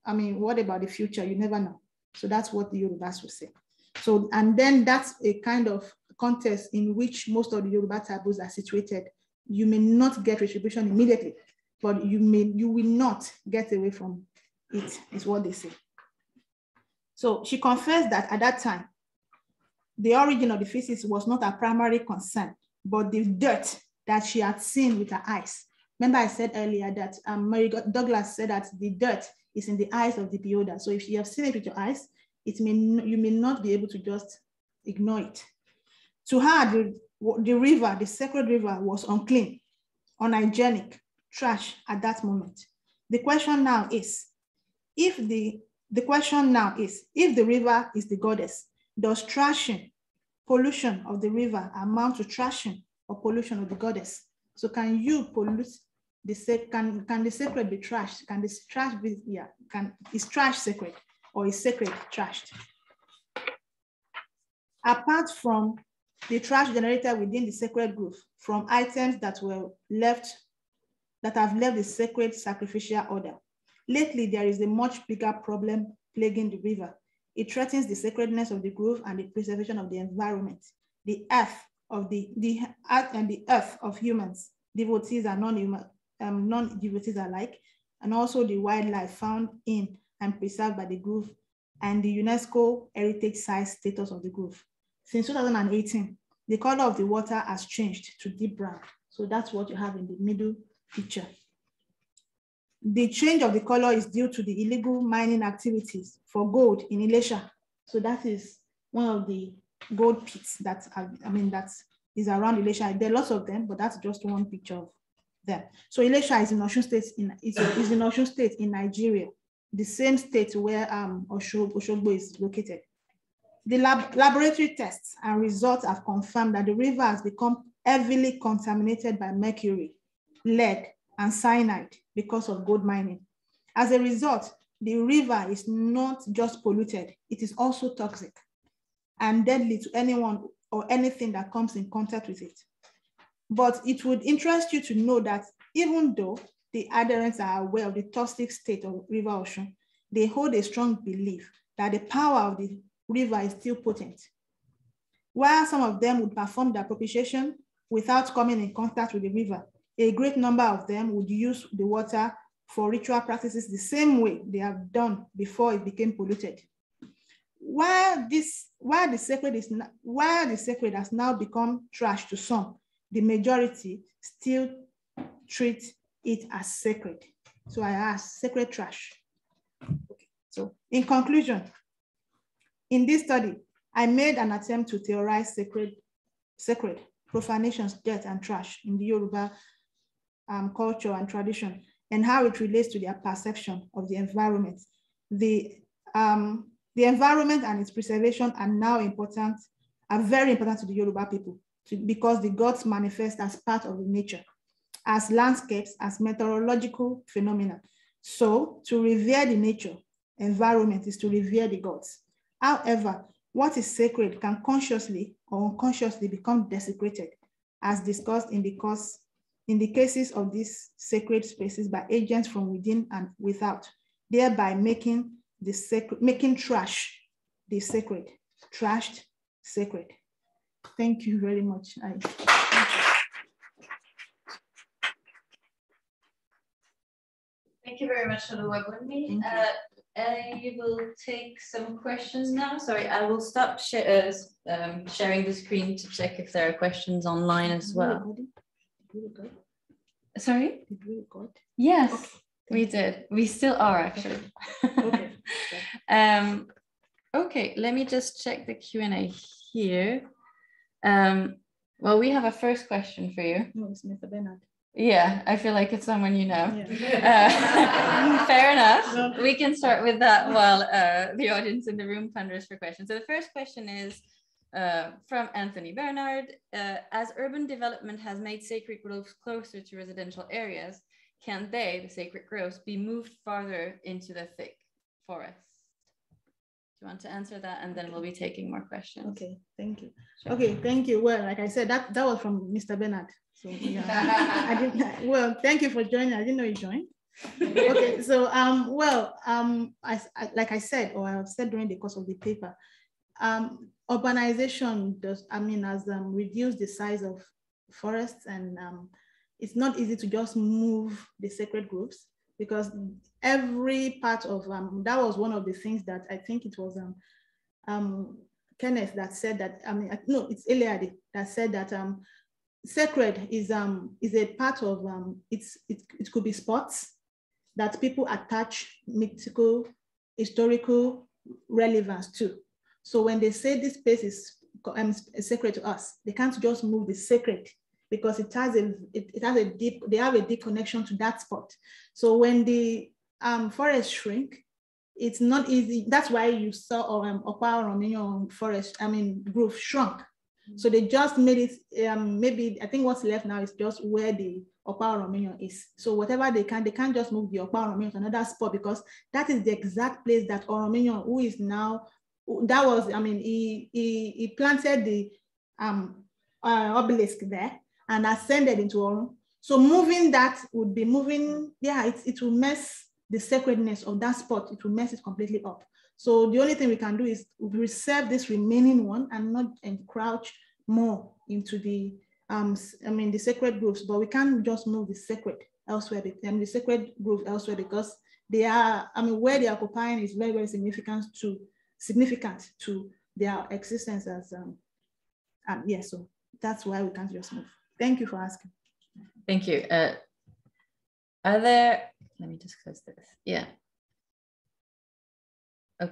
I mean, what about the future? You never know. So that's what the Yorubas will say. So, and then that's a kind of contest in which most of the Yoruba taboos are situated. You may not get retribution immediately, but you may you will not get away from it, is what they say. So she confessed that at that time, the origin of the feces was not her primary concern, but the dirt that she had seen with her eyes. Remember I said earlier that um, Mary Douglas said that the dirt is in the eyes of the beholder. So if you have seen it with your eyes, it may you may not be able to just ignore it. To her, the, the river, the sacred river was unclean, unhygienic, trash at that moment. The question now is, if the, the question now is, if the river is the goddess, does trashing, pollution of the river amount to trashing or pollution of the goddess? So can you pollute the sacred, can, can the sacred be trashed? Can this trash be, yeah, can, is trash sacred or is sacred trashed? Apart from the trash generated within the sacred grove from items that were left, that have left the sacred sacrificial order. Lately, there is a much bigger problem plaguing the river, it threatens the sacredness of the grove and the preservation of the environment, the earth of the, the earth and the earth of humans, devotees and non-human, um, non-devotees alike, and also the wildlife found in and preserved by the grove and the UNESCO heritage site status of the grove. Since 2018, the color of the water has changed to deep brown. So that's what you have in the middle picture the change of the color is due to the illegal mining activities for gold in Elisha. So that is one of the gold pits that I, I mean that is around Elisha. There are lots of them, but that's just one picture of them. So Elisha is in Osun State in is, is in Osun State in Nigeria, the same state where um Oshogbo is located. The lab, laboratory tests and results have confirmed that the river has become heavily contaminated by mercury, lead, and cyanide because of gold mining. As a result, the river is not just polluted, it is also toxic and deadly to anyone or anything that comes in contact with it. But it would interest you to know that even though the adherents are aware of the toxic state of River Ocean, they hold a strong belief that the power of the river is still potent. While some of them would perform their propitiation without coming in contact with the river, a great number of them would use the water for ritual practices the same way they have done before it became polluted. While this, while the sacred is while the sacred has now become trash to some, the majority still treat it as sacred. So I ask sacred trash. Okay. So in conclusion, in this study, I made an attempt to theorize sacred, sacred profanations, dirt, and trash in the Yoruba um, culture and tradition and how it relates to their perception of the environment. The, um, the environment and its preservation are now important, are very important to the Yoruba people to, because the gods manifest as part of nature, as landscapes, as meteorological phenomena. So to revere the nature environment is to revere the gods. However, what is sacred can consciously or unconsciously become desecrated as discussed in the course in the cases of these sacred spaces by agents from within and without, thereby making the sacred, making trash the sacred, trashed sacred. Thank you very much. I, Thank you very much for the web with uh, I will take some questions now. Sorry, I will stop sh uh, um, sharing the screen to check if there are questions online as well we record? Sorry? Did we record? Yes, okay. we did. We still are actually. Okay. okay. um, okay, let me just check the Q&A here. Um, well, we have a first question for you. No, it's Mr. Bernard. Yeah, I feel like it's someone you know. Yeah. Uh, fair enough. No. We can start with that while uh, the audience in the room ponders for questions. So the first question is, uh, from Anthony Bernard. Uh, as urban development has made sacred groves closer to residential areas, can they, the sacred groves, be moved farther into the thick forest? Do you want to answer that? And then we'll be taking more questions. Okay, thank you. Sure. Okay, thank you. Well, like I said, that, that was from Mr. Bernard. So, yeah. well, thank you for joining. I didn't know you joined. okay, so um, well, um, I, I, like I said, or I've said during the course of the paper, um, urbanization does, I mean, has um, reduced the size of forests and um, it's not easy to just move the sacred groups because every part of, um, that was one of the things that I think it was um, um, Kenneth that said that, I mean, no, it's Eliade that said that um, sacred is, is a part of, it's, it, it could be spots that people attach mythical, historical relevance to so when they say this space is um, sacred to us, they can't just move the sacred because it has a it, it, has a deep they have a deep connection to that spot. So when the um, forest shrink, it's not easy. That's why you saw um, Okwa forest, I mean, growth shrunk. So they just made it, um, maybe I think what's left now is just where the Okwa Romanian is. So whatever they can, they can't just move the Okwa Romanian to another spot because that is the exact place that Romanian, who is now that was, I mean, he, he, he planted the um, uh, obelisk there and ascended into all So moving that would be moving, yeah, it, it will mess the sacredness of that spot. It will mess it completely up. So the only thing we can do is reserve this remaining one and not encroach more into the, um, I mean, the sacred groves, but we can't just move the sacred elsewhere and um, the sacred groves elsewhere because they are, I mean, where they are occupying is very, very significant to significant to their existence as, um, um, yeah, so that's why we can't just move. Thank you for asking. Thank you. Uh, are there, let me just close this. Yeah. Oh,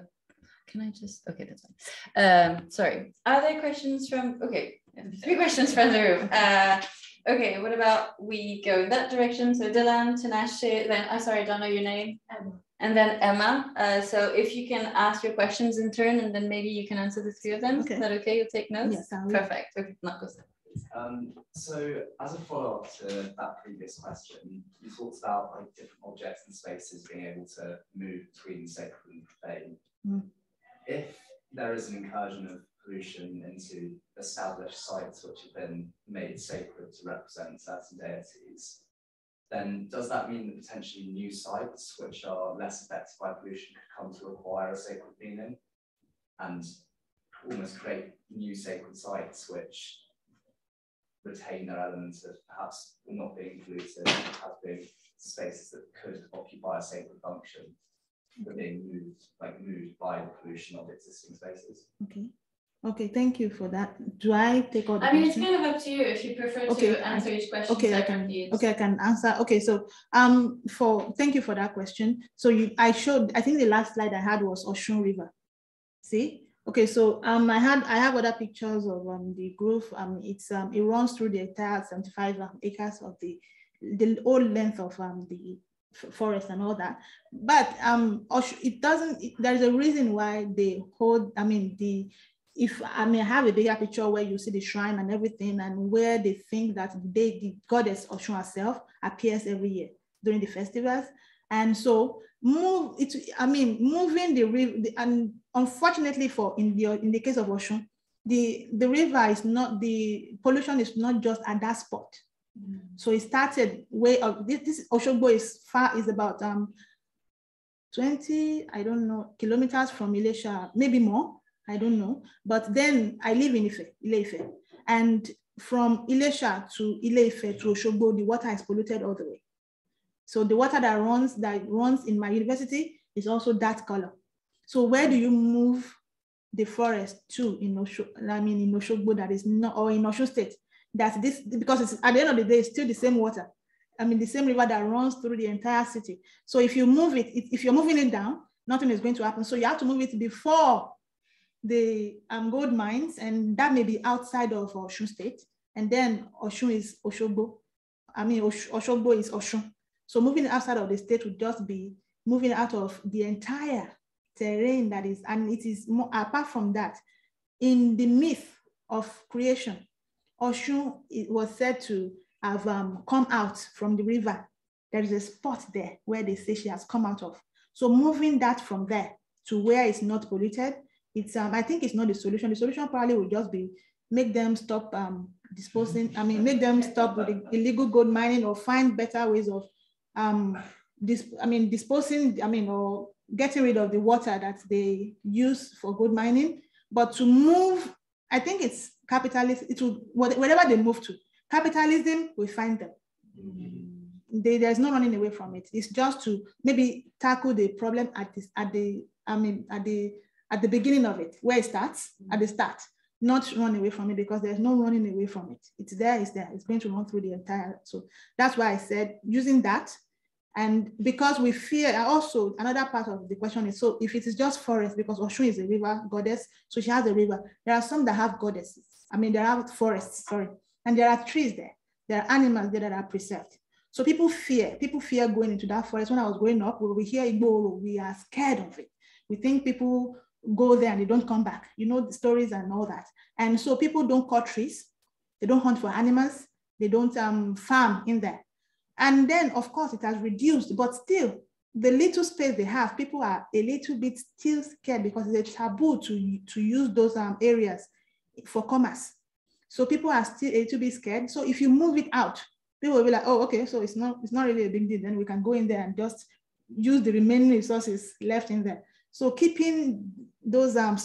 can I just, okay, that's fine. Um, sorry. Are there questions from, okay, three questions from the room. Uh, okay, what about we go in that direction? So Dylan, Tanashi, then, I'm oh, sorry, I don't know your name and then Emma. Uh, so if you can ask your questions in turn, and then maybe you can answer the three of them. Okay. Is that okay? You'll take notes? Yes, Perfect. Okay, Um, so as a follow-up to that previous question, you talked about like different objects and spaces being able to move between sacred and profane. Mm. If there is an incursion of pollution into established sites which have been made sacred to represent certain deities, then does that mean that potentially new sites, which are less affected by pollution, could come to acquire a sacred meaning and almost create new sacred sites which retain their elements of perhaps not being polluted, as being spaces that could occupy a sacred function, but being moved, like moved by the pollution of existing spaces? Okay. Okay, thank you for that. Do I take all the I mean, it's kind of up to you if you prefer Okay, to answer each question okay, I can- Okay, I can answer. Okay, so um, for thank you for that question. So you, I showed. I think the last slide I had was Oshun River. See. Okay, so um, I had I have other pictures of um the grove. Um, it's um it runs through the entire seventy five um, acres of the the whole length of um the forest and all that. But um, it doesn't. it- there is a reason why they hold. I mean, the if I may have a bigger picture where you see the shrine and everything and where they think that they, the goddess Oshun herself appears every year during the festivals. And so move it, I mean, moving the river, and unfortunately for in the, in the case of Oshun, the, the river is not, the pollution is not just at that spot. Mm. So it started way of, this, this Oshogbo is far, is about um, 20, I don't know, kilometers from Ilesha, maybe more. I don't know. But then I live in Ife, Ileife. And from Ilesha to Ileife to Oshogbo, the water is polluted all the way. So the water that runs that runs in my university is also that color. So where do you move the forest to in Osho, I mean in Oshogbo that is not or in Osho State? That this because it's at the end of the day, it's still the same water. I mean the same river that runs through the entire city. So if you move it, if you're moving it down, nothing is going to happen. So you have to move it before the um, gold mines, and that may be outside of Oshun State. And then Oshun is Oshogbo. I mean, Osh Oshogbo is Oshun. So moving outside of the state would just be moving out of the entire terrain that is, and it is more, apart from that, in the myth of creation, Oshun was said to have um, come out from the river. There is a spot there where they say she has come out of. So moving that from there to where it's not polluted it's um, I think it's not the solution. The solution probably will just be make them stop um, disposing, I mean, make them stop with the illegal gold mining or find better ways of, um, This I mean, disposing, I mean, or getting rid of the water that they use for gold mining. But to move, I think it's capitalist, it will, whatever they move to, capitalism will find them. Mm -hmm. they, there's no running away from it. It's just to maybe tackle the problem at this, at the, I mean, at the at the beginning of it, where it starts, mm -hmm. at the start, not run away from it because there's no running away from it. It's there, it's there, it's going to run through the entire. So that's why I said using that. And because we fear, also another part of the question is so if it is just forest, because Oshun is a river goddess, so she has a river. There are some that have goddesses. I mean, there are forests, sorry. And there are trees there. There are animals there that are preserved. So people fear, people fear going into that forest. When I was growing up, we hear Igboro, we are scared of it. We think people go there and they don't come back. You know the stories and all that. And so people don't cut trees, they don't hunt for animals, they don't um, farm in there. And then, of course, it has reduced, but still, the little space they have, people are a little bit still scared because it's a taboo to, to use those um, areas for commerce. So people are still a little bit scared. So if you move it out, people will be like, oh, okay, so it's not, it's not really a big deal. Then we can go in there and just use the remaining resources left in there. So keeping those um,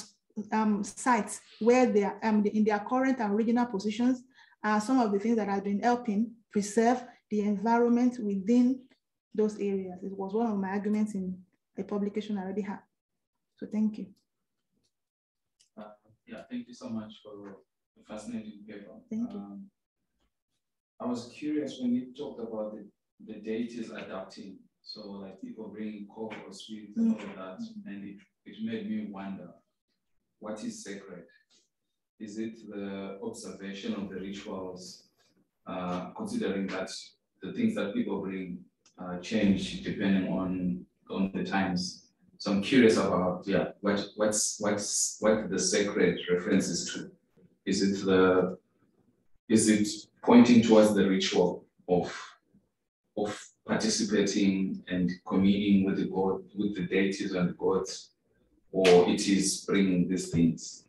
um, sites where they are um, in their current and original positions are some of the things that have been helping preserve the environment within those areas. It was one of my arguments in a publication I already had. So thank you. Uh, yeah, thank you so much for the fascinating paper. Thank you. Um, I was curious when you talked about the, the deities adapting. So like people bringing cocoa, sweets mm -hmm. all of that, mm-hmm. and it it made me wonder what is sacred? Is it the observation of the rituals, uh, considering that the things that people bring uh, change depending on, on the times? So I'm curious about yeah, what what's what's what the sacred references to? Is it the is it pointing towards the ritual of of participating and communing with the god with the deities and the gods or it is bringing these things?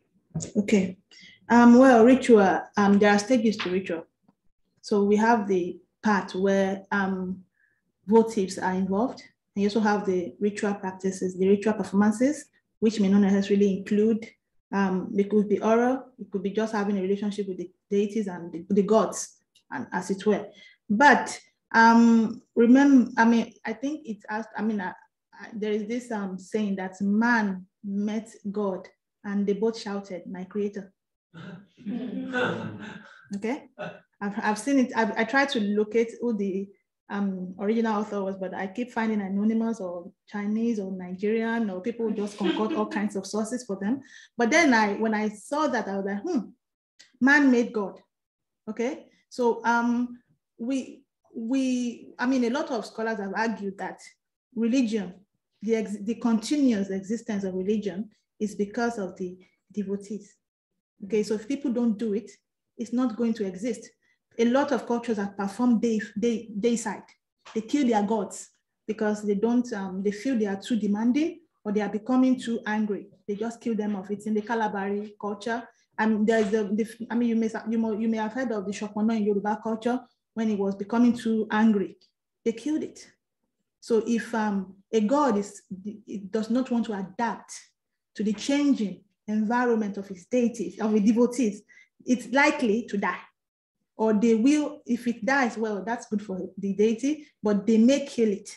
Okay. Um, well, ritual, um, there are stages to ritual. So we have the part where um, votives are involved. And you also have the ritual practices, the ritual performances, which may not necessarily include, um, it could be oral, it could be just having a relationship with the deities and the, the gods, and as it were. But um, remember, I mean, I think it's, I mean, there is this um, saying that man met God and they both shouted, My creator. okay? I've, I've seen it. I've, i tried to locate who the um, original author was, but I keep finding anonymous or Chinese or Nigerian or people who just concoct all kinds of sources for them. But then I, when I saw that, I was like, hmm, man made God. Okay? So um, we, we, I mean, a lot of scholars have argued that religion the, ex, the continuous existence of religion is because of the devotees. Okay, so if people don't do it, it's not going to exist. A lot of cultures have performed day, day, day side. They kill their gods because they don't, um, they feel they are too demanding or they are becoming too angry. They just kill them off. It's in the Kalabari culture. And there's the, the I mean, you may, you, may, you may have heard of the Shokono in Yoruba culture when it was becoming too angry. They killed it. So if um, a God is, does not want to adapt to the changing environment of his deities, of his devotees, it's likely to die. Or they will, if it dies, well, that's good for the deity, but they may kill it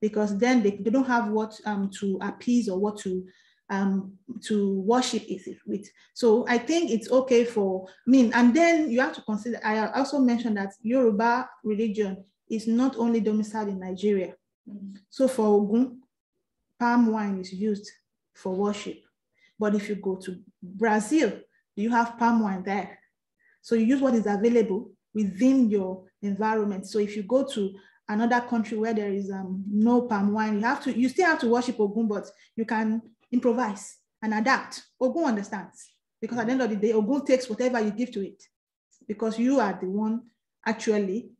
because then they, they don't have what um, to appease or what to um, to worship it with. So I think it's okay for I mean, and then you have to consider. I also mentioned that Yoruba religion is not only domiciled in Nigeria. So for Ogun, palm wine is used for worship. But if you go to Brazil, you have palm wine there. So you use what is available within your environment. So if you go to another country where there is um, no palm wine, you have to you still have to worship Ogun, but you can improvise and adapt. Ogun understands because at the end of the day, Ogun takes whatever you give to it because you are the one actually,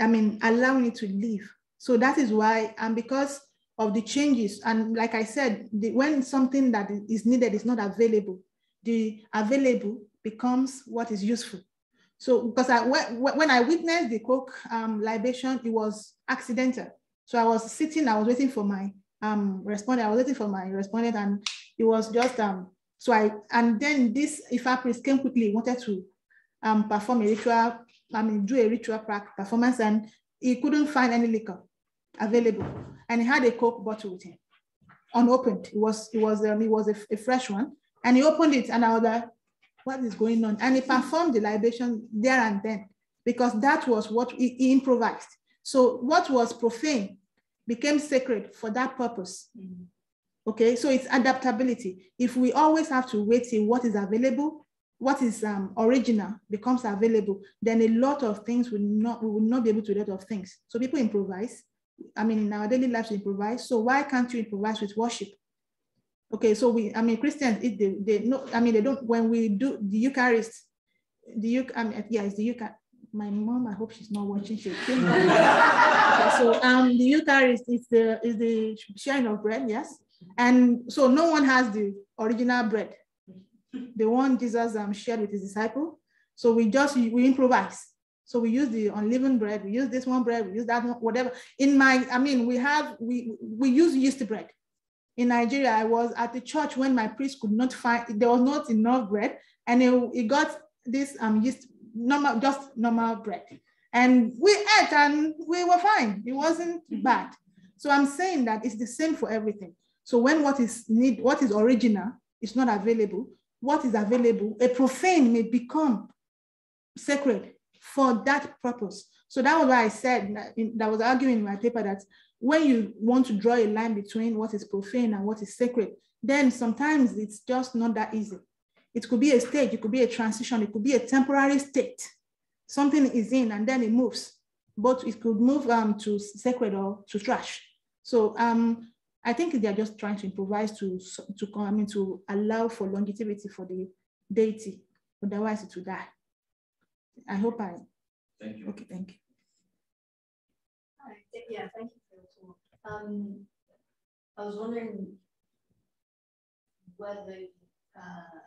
I mean, allowing it to live so that is why, and because of the changes, and like I said, the, when something that is needed is not available, the available becomes what is useful. So because I, when I witnessed the Coke um, libation, it was accidental. So I was sitting, I was waiting for my um, respondent, I was waiting for my respondent and it was just, um, so I, and then this Ifa priest came quickly, wanted to um, perform a ritual, I mean, do a ritual performance and he couldn't find any liquor available, and he had a Coke bottle with him, unopened. It was it was um, it was a, a fresh one, and he opened it, and I was like, "What is going on?" And he performed the libation there and then, because that was what he, he improvised. So what was profane became sacred for that purpose. Mm-hmm. Okay, so it's adaptability. If we always have to wait till what is available, what is um, original becomes available, then a lot of things will not we will not be able to do a lot of things. So people improvise, I mean, in our daily lives, we improvise. So why can't you improvise with worship? Okay, so we, I mean, Christians, it, they, they no, I mean, they don't, when we do the Eucharist, the Eucharist, I mean, yeah, it's the Eucharist. My mom, I hope she's not watching. She so um, the Eucharist is the is the sharing of bread, yes. And so no one has the original bread, the one Jesus um, shared with his disciple. So we just we improvise. So we use the unleavened bread, we use this one bread, we use that one, whatever. In my, I mean, we have, we, we use yeast bread. In Nigeria, I was at the church when my priest could not find, there was not enough bread. And it, got this um, yeast, normal, just normal bread. And we ate and we were fine. It wasn't bad. So I'm saying that it's the same for everything. So when what is need, what is original is not available, what is available, a profane may become sacred for that purpose. So that was why I said that, was arguing in my paper that when you want to draw a line between what is profane and what is sacred, then sometimes it's just not that easy. It could be a stage, it could be a transition, it could be a temporary state. Something is in and then it moves, but it could move um, to sacred or to trash. So um, I think they are just trying to improvise to to come I mean to allow for longevity for the deity. Otherwise, it will die. I hope I. Thank you. Okay, thank you. Yeah, thank you for talk. Um, I was wondering whether uh,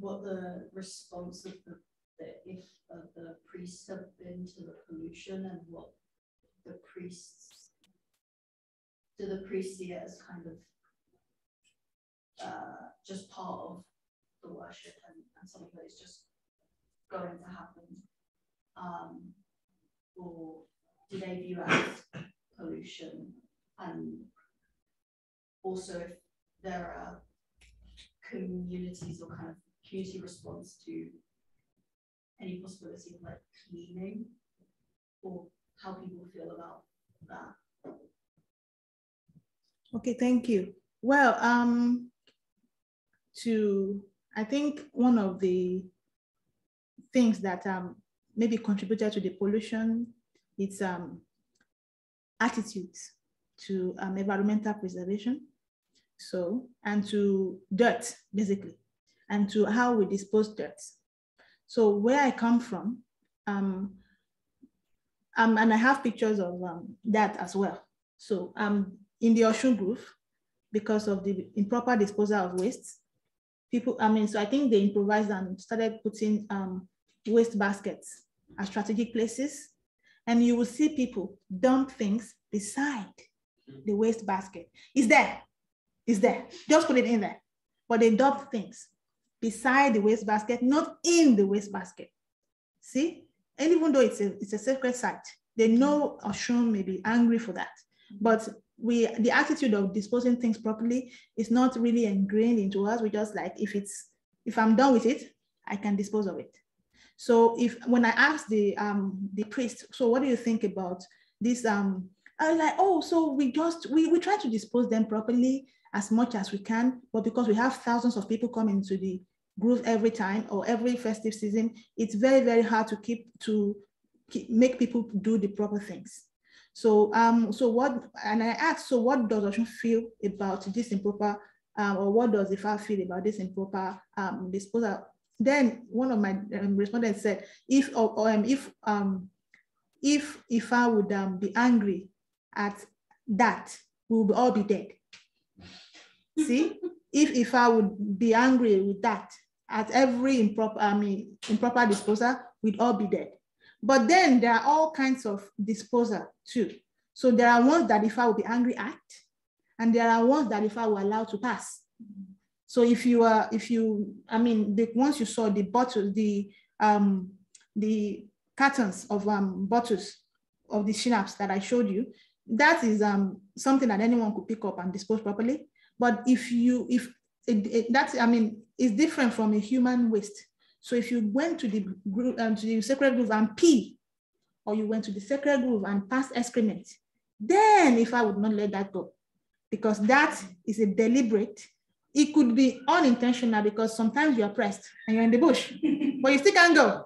what the response of the, the if of the priests have been to the pollution and what the priests do the priests see it as kind of uh, just part of the worship and, and some of it is just going to happen? Um, or do they view as pollution? And also, if there are communities or kind of community response to any possibility of like cleaning or how people feel about that. Okay, thank you. Well, um, to I think one of the things that um, maybe contributed to the pollution, its um, attitudes to um, environmental preservation, so, and to dirt, basically, and to how we dispose dirt. So where I come from, um, um, and I have pictures of um, that as well. So um, in the Ocean group, because of the improper disposal of waste, people, I mean, so I think they improvised and started putting um, waste baskets at strategic places, and you will see people dump things beside the waste basket. It's there. It's there. Just put it in there. But they dump things beside the waste basket, not in the waste basket. See? And even though it's a, it's a sacred site, they know Oshun may be angry for that. But we the attitude of disposing things properly is not really ingrained into us. We just like if it's if I'm done with it, I can dispose of it. So if when I asked the um, the priest, so what do you think about this? Um, I was like, oh, so we just we we try to dispose them properly as much as we can, but because we have thousands of people coming to the groove every time or every festive season, it's very very hard to keep to keep, make people do the proper things. So um, so what? And I asked, so what does Oshun feel about this improper? Um, or what does the father feel about this improper um, disposal then one of my um, respondents said, if or, or um, if um, if if I would um, be angry at that, we would all be dead. See, if if I would be angry with that at every improper, I mean improper disposal, we'd all be dead. But then there are all kinds of disposal too. So there are ones that if I would be angry at, and there are ones that if I were allowed to pass. Mm -hmm. So if you are, if you, I mean, the, once you saw the bottles, the um, the cartons of um, bottles of the synapse that I showed you, that is um, something that anyone could pick up and dispose properly. But if you, if it, it, I mean, is different from a human waste. So if you went to the group, um, to the sacred grove and pee, or you went to the sacred grove and passed excrement, then if I would not let that go, because that is a deliberate it could be unintentional because sometimes you are pressed and you're in the bush, but you still can't go.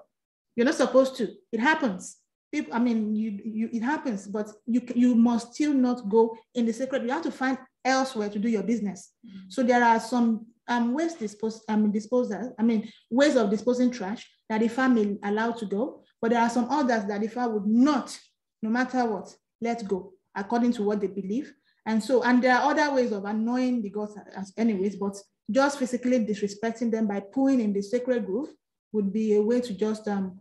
You're not supposed to. It happens. People, I mean, you, you, it happens, but you, you must still not go in the sacred. You have to find elsewhere to do your business. Mm-hmm. So there are some um, waste dispos- I um, mean, disposal, I mean, ways of disposing trash that the family allowed allow to go, but there are some others that if I would not, no matter what, let go according to what they believe. And so, and there are other ways of annoying the gods as anyways, but just physically disrespecting them by pulling in the sacred groove would be a way to just um,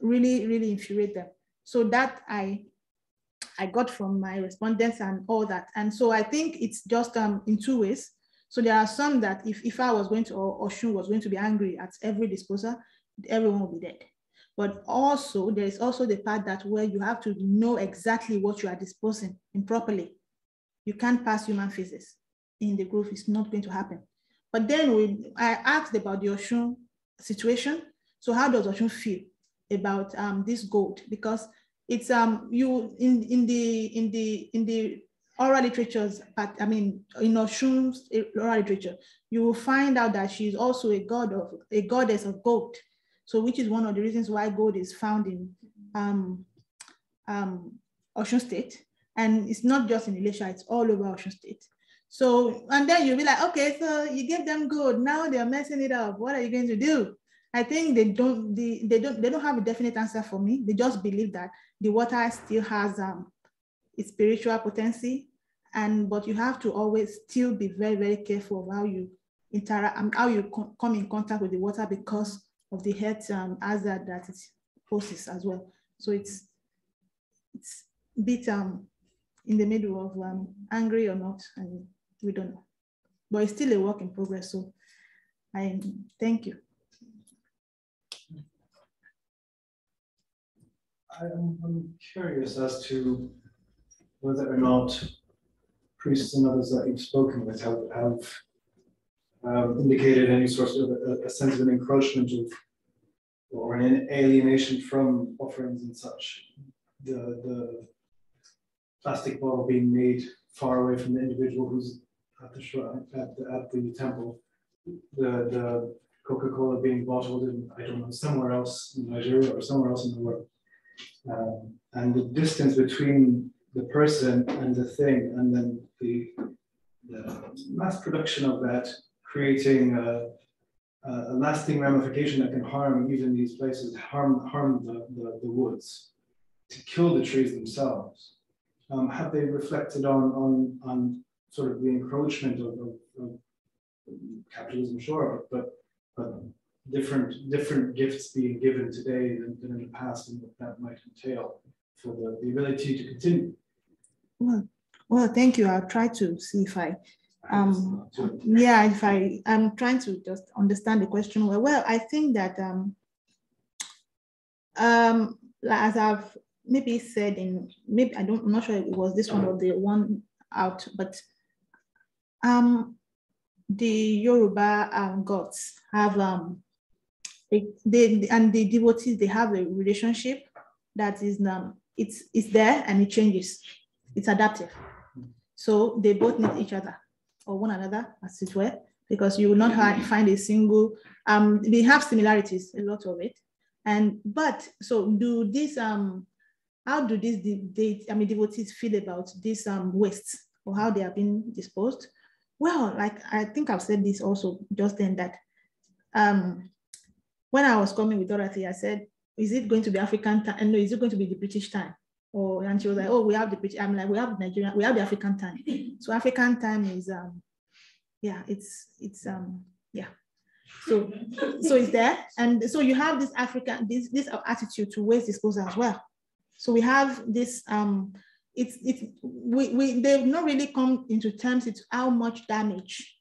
really, really infuriate them. So that I I got from my respondents and all that. And so I think it's just um, in two ways. So there are some that if, if I was going to, or, or Shu was going to be angry at every disposer, everyone will be dead. But also, there is also the part that where you have to know exactly what you are disposing improperly you can't pass human physics in the group. It's not going to happen. But then we, I asked about the Oshun situation. So how does Oshun feel about um, this gold? Because it's um, you in, in the in the in the oral literatures, but I mean in Oshun's oral literature, you will find out that she's also a god of a goddess of gold. So which is one of the reasons why gold is found in um, um, Ocean State. And it's not just in Ilesha, it's all over Ocean State. So, and then you'll be like, okay, so you give them gold. Now they're messing it up. What are you going to do? I think they don't, they, they don't, they don't have a definite answer for me. They just believe that the water still has um, its spiritual potency. And, but you have to always still be very, very careful of how you interact, and um, how you co come in contact with the water because of the health um, hazard that it poses as well. So it's, it's a bit um, in the middle of um, angry or not, and we don't know. But it's still a work in progress. So I thank you. I'm, I'm curious as to whether or not priests and others that you've spoken with have, have um, indicated any sort of a, a, sense of an encroachment of or an alienation from offerings and such. The, the plastic bottle being made far away from the individual who's at the, shrine, at the, at the temple. The, the Coca-Cola being bottled in, I don't know, somewhere else in Nigeria or somewhere else in the world. Um, and the distance between the person and the thing, and then the, the mass production of that creating a, a, lasting ramification that can harm even these places, harm, harm the, the, the woods, to kill the trees themselves um, have they reflected on, on, on sort of the encroachment of, of, of capitalism, sure, but, but different different gifts being given today than, than, in the past and what that might entail for the, the ability to continue. Well, well, thank you. I'll try to see if I um yeah if i i'm trying to just understand the question well well i think that um um as i've maybe said in maybe I don't I'm not sure it was this one or the one out, but um the Yoruba um, gods have um they, they and the devotees they have a relationship that is um it's it's there and it changes, it's adaptive. So they both need each other or one another as it were, because you will not have, find a single um they have similarities, a lot of it. And but so do these um how do these de- I mean, devotees feel about this um, waste or how they are being disposed? Well, like I think I've said this also just then that um, when I was coming with Dorothy, I said, "Is it going to be African time? No, is it going to be the British time?" Or and she was like, "Oh, we have the British." I'm like, "We have Nigerian. We have the African time." So African time is, um, yeah, it's it's um, yeah. So so it's there, and so you have this African this this attitude to waste disposal as well. So we have this, um, it's, it's, we, we, they've not really come into terms, it's how much damage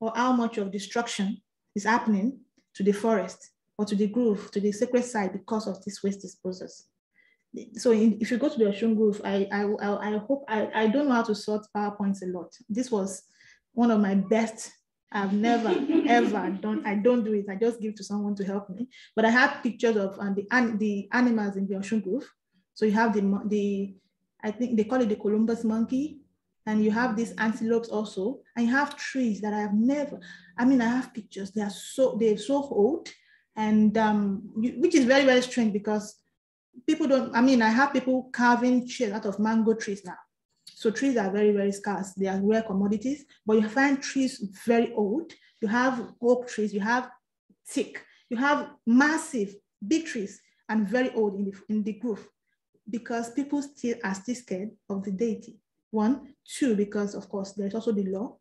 or how much of destruction is happening to the forest or to the grove, to the sacred site because of these waste disposals. So in, if you go to the Oshun Grove, I, I, I, hope, I, I don't know how to sort PowerPoints a lot. This was one of my best I've never ever done. I don't do it. I just give to someone to help me. But I have pictures of um, the, an, the animals in the ocean grove. So you have the, the I think they call it the Columbus monkey, and you have these antelopes also, and you have trees that I have never, I mean, I have pictures, they are so, they're so old, and um, you, which is very, very strange because people don't, I mean, I have people carving chairs out of mango trees now. So trees are very, very scarce. They are rare commodities, but you find trees very old. You have oak trees, you have thick, you have massive big trees and very old in the, in the grove because people still are still scared of the deity. One, two, because of course there's also the law.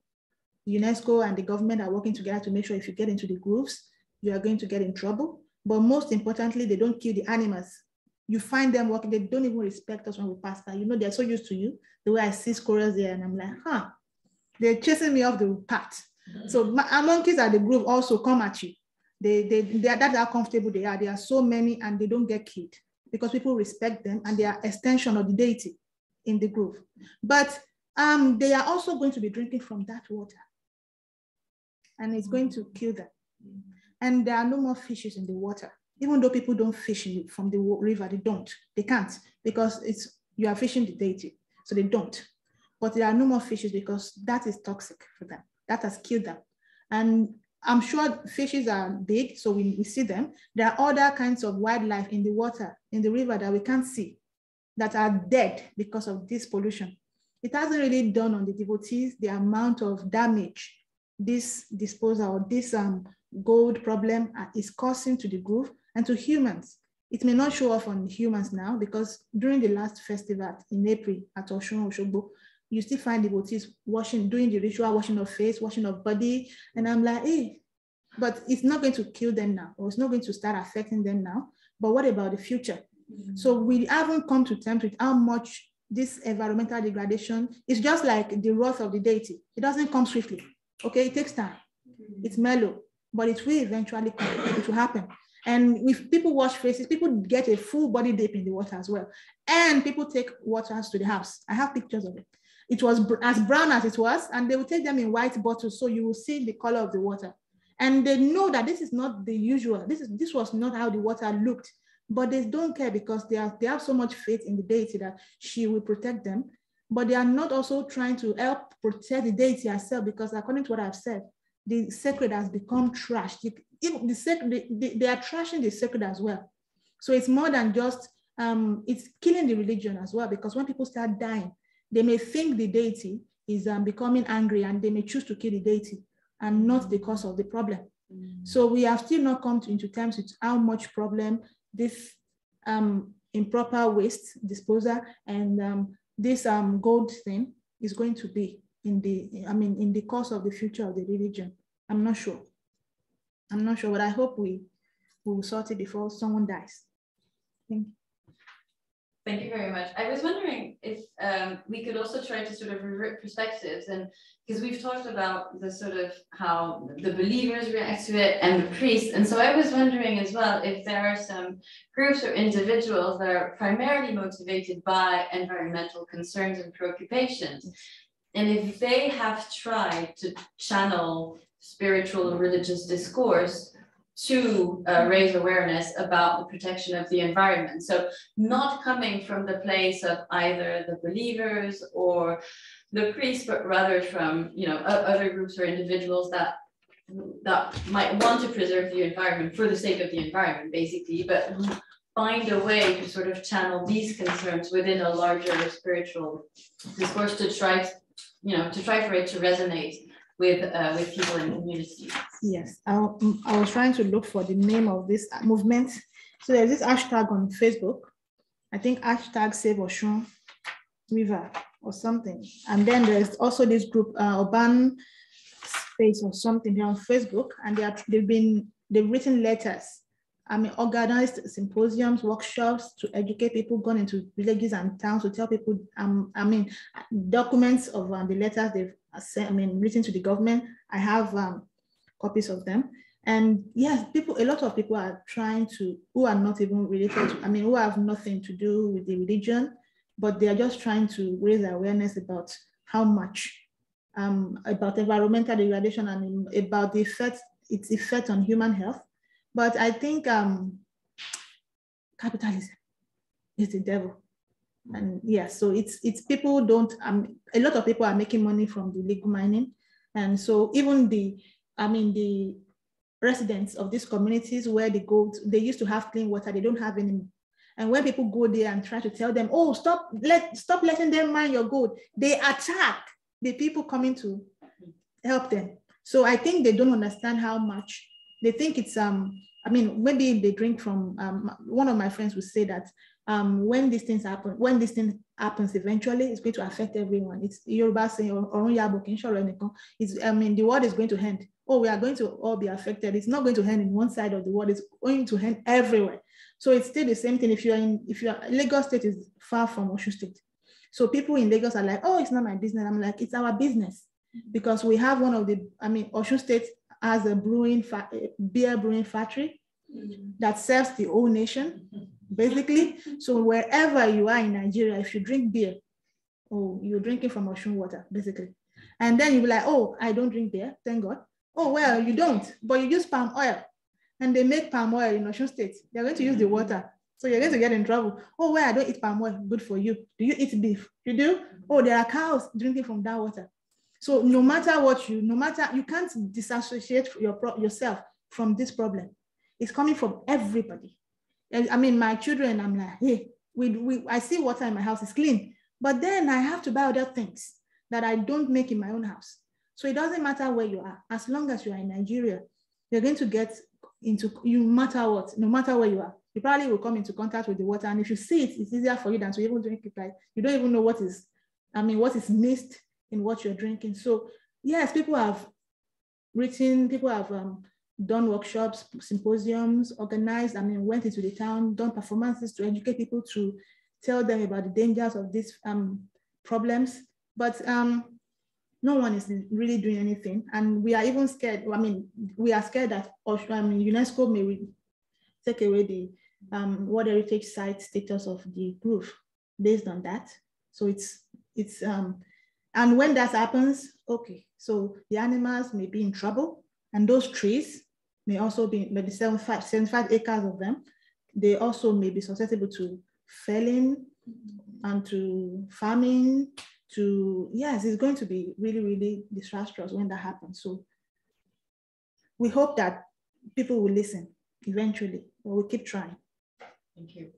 UNESCO and the government are working together to make sure if you get into the grooves, you are going to get in trouble. But most importantly, they don't kill the animals. You find them walking, they don't even respect us when we pass by. You know, they're so used to you. The way I see squirrels there, and I'm like, huh, they're chasing me off the path. Mm. So my, our monkeys at the grove also come at you. They, they, they are, that's how comfortable they are. There are so many and they don't get killed because people respect them and they are extension of the deity in the grove. But um, they are also going to be drinking from that water and it's going to kill them. And there are no more fishes in the water. Even though people don't fish from the river, they don't, they can't because it's you are fishing the deity, so they don't. But there are no more fishes because that is toxic for them. That has killed them. And I'm sure fishes are big, so we, we see them. There are other kinds of wildlife in the water, in the river that we can't see, that are dead because of this pollution. It hasn't really done on the devotees the amount of damage this disposal or this um, gold problem uh, is causing to the groove and to humans. It may not show off on humans now because during the last festival in April at Oshun Oshobo you still find devotees washing, doing the ritual, washing of face, washing of body. And I'm like, hey, but it's not going to kill them now, or it's not going to start affecting them now. But what about the future? Mm-hmm. So we haven't come to terms with how much this environmental degradation is just like the wrath of the deity. It doesn't come swiftly. Okay, it takes time. Mm-hmm. It's mellow, but it will eventually come. it will happen. And if people wash faces, people get a full body dip in the water as well. And people take water to the house. I have pictures of it. It was as brown as it was, and they will take them in white bottles, so you will see the color of the water. And they know that this is not the usual. This is this was not how the water looked, but they don't care because they are they have so much faith in the deity that she will protect them. But they are not also trying to help protect the deity herself because according to what I've said, the sacred has become trashed. The, the, sacred, they, they are trashing the sacred as well. So it's more than just um, it's killing the religion as well because when people start dying, they may think the deity is um, becoming angry and they may choose to kill the deity and not the cause of the problem. Mm. So we have still not come to, into terms with how much problem this um, improper waste disposal and um, this um, gold thing is going to be in the, I mean, in the course of the future of the religion. I'm not sure. I'm not sure, but I hope we, we will sort it before someone dies. Thank you. Thank you very much. I was wondering if um, we could also try to sort of revert perspectives and because we've talked about the sort of how the believers react to it and the priests. And so I was wondering as well if there are some groups or individuals that are primarily motivated by environmental concerns and preoccupations. And if they have tried to channel spiritual and religious discourse to uh, raise awareness about the protection of the environment. So not coming from the place of either the believers or the priests, but rather from you know other groups or individuals that that might want to preserve the environment for the sake of the environment, basically, but find a way to sort of channel these concerns within a larger spiritual discourse to try, you know, to try for it to resonate with, uh, with people in communities. Yes, I, I was trying to look for the name of this movement. So there's this hashtag on Facebook. I think hashtag Save Oshun River or something. And then there's also this group, uh, Urban Space or something. They're on Facebook and they are, they've been, they've written letters I mean, organized symposiums, workshops to educate people, gone into villages and towns to tell people, um, I mean, documents of um, the letters they've I mean, written to the government. I have um, copies of them. And yes, people, a lot of people are trying to, who are not even related to, I mean, who have nothing to do with the religion, but they are just trying to raise awareness about how much, um, about environmental degradation and about the effect, its effect on human health. But I think um, capitalism is the devil and yeah, so it's it's people don't um, a lot of people are making money from the legal mining, and so even the I mean the residents of these communities where they go to, they used to have clean water they don't have any and when people go there and try to tell them oh stop let stop letting them mine your gold they attack the people coming to help them so i think they don't understand how much they think it's um i mean maybe they drink from um, one of my friends would say that um, when these things happen, when this thing happens eventually, it's going to affect everyone. It's Yoruba saying, or it's, I mean, the world is going to end. Oh, we are going to all be affected. It's not going to end in one side of the world, it's going to end everywhere. So it's still the same thing if you're in, if you're, Lagos State is far from Osun State. So people in Lagos are like, oh, it's not my business. I'm like, it's our business because we have one of the, I mean, Osun State has a brewing, fa- beer brewing factory mm-hmm. that serves the whole nation. Mm-hmm basically. So wherever you are in Nigeria, if you drink beer, oh, you're drinking from ocean water, basically. And then you'll be like, oh, I don't drink beer, thank God. Oh, well, you don't, but you use palm oil. And they make palm oil in Ocean State. They're going to use the mm-hmm. water. So you're going to get in trouble. Oh, well, I don't eat palm oil. Good for you. Do you eat beef? You do? Oh, there are cows drinking from that water. So no matter what you, no matter, you can't disassociate your, yourself from this problem. It's coming from everybody. Eh, I mean, my children, I'm like, hey, we, we, I see water in my house is clean, but then I have to buy other things that I don't make in my own house. So it doesn't matter where you are, as long as you are in Nigeria, you're going to get into you matter what, no matter where you are, you probably will come into contact with the water. And if you see it, it's easier for you than to even drink it. Like you don't even know what is, I mean, what is missed in what you're drinking. So yes, people have written, people have um, done workshops, symposiums, organized, I mean, went into the town, done performances to educate people to tell them about the dangers of these um, problems. But um, no one is really doing anything. And we are even scared, I mean, we are scared that oh, I mean, UNESCO may take away the um, World Heritage Site status of the grove based on that. So it's, it's um, and when that happens, okay, so the animals may be in trouble and those trees may also be maybe 75, 75 acres of them, they also may be susceptible to felling and to farming, to, yes, it's going to be really, really disastrous when that happens. So we hope that people will listen eventually, but we'll keep trying. Thank you.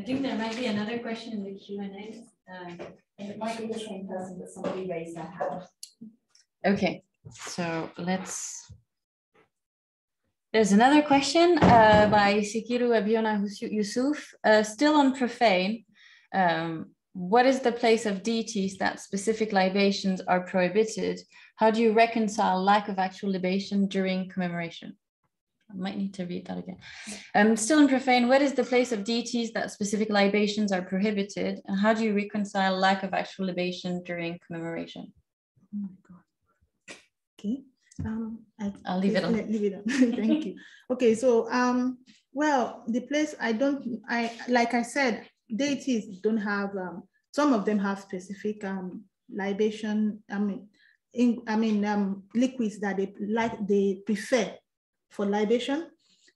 I think there might be another question in the Q&A. Um, it might be the same person, that somebody raised their hand. Okay, so let's there's another question uh, by Sikiru Abiona Yusuf, uh, still on profane. Um, what is the place of deities that specific libations are prohibited? How do you reconcile lack of actual libation during commemoration? I might need to read that again. Um, still in profane, what is the place of deities that specific libations are prohibited? And how do you reconcile lack of actual libation during commemoration? Oh my God. Okay. Um, I, will leave it on. Leave it on. Thank you. Okay, so um, well, the place I don't, I like I said, deities don't have. Um, some of them have specific um, libation. I mean, in, I mean um, liquids that they like they prefer for libation.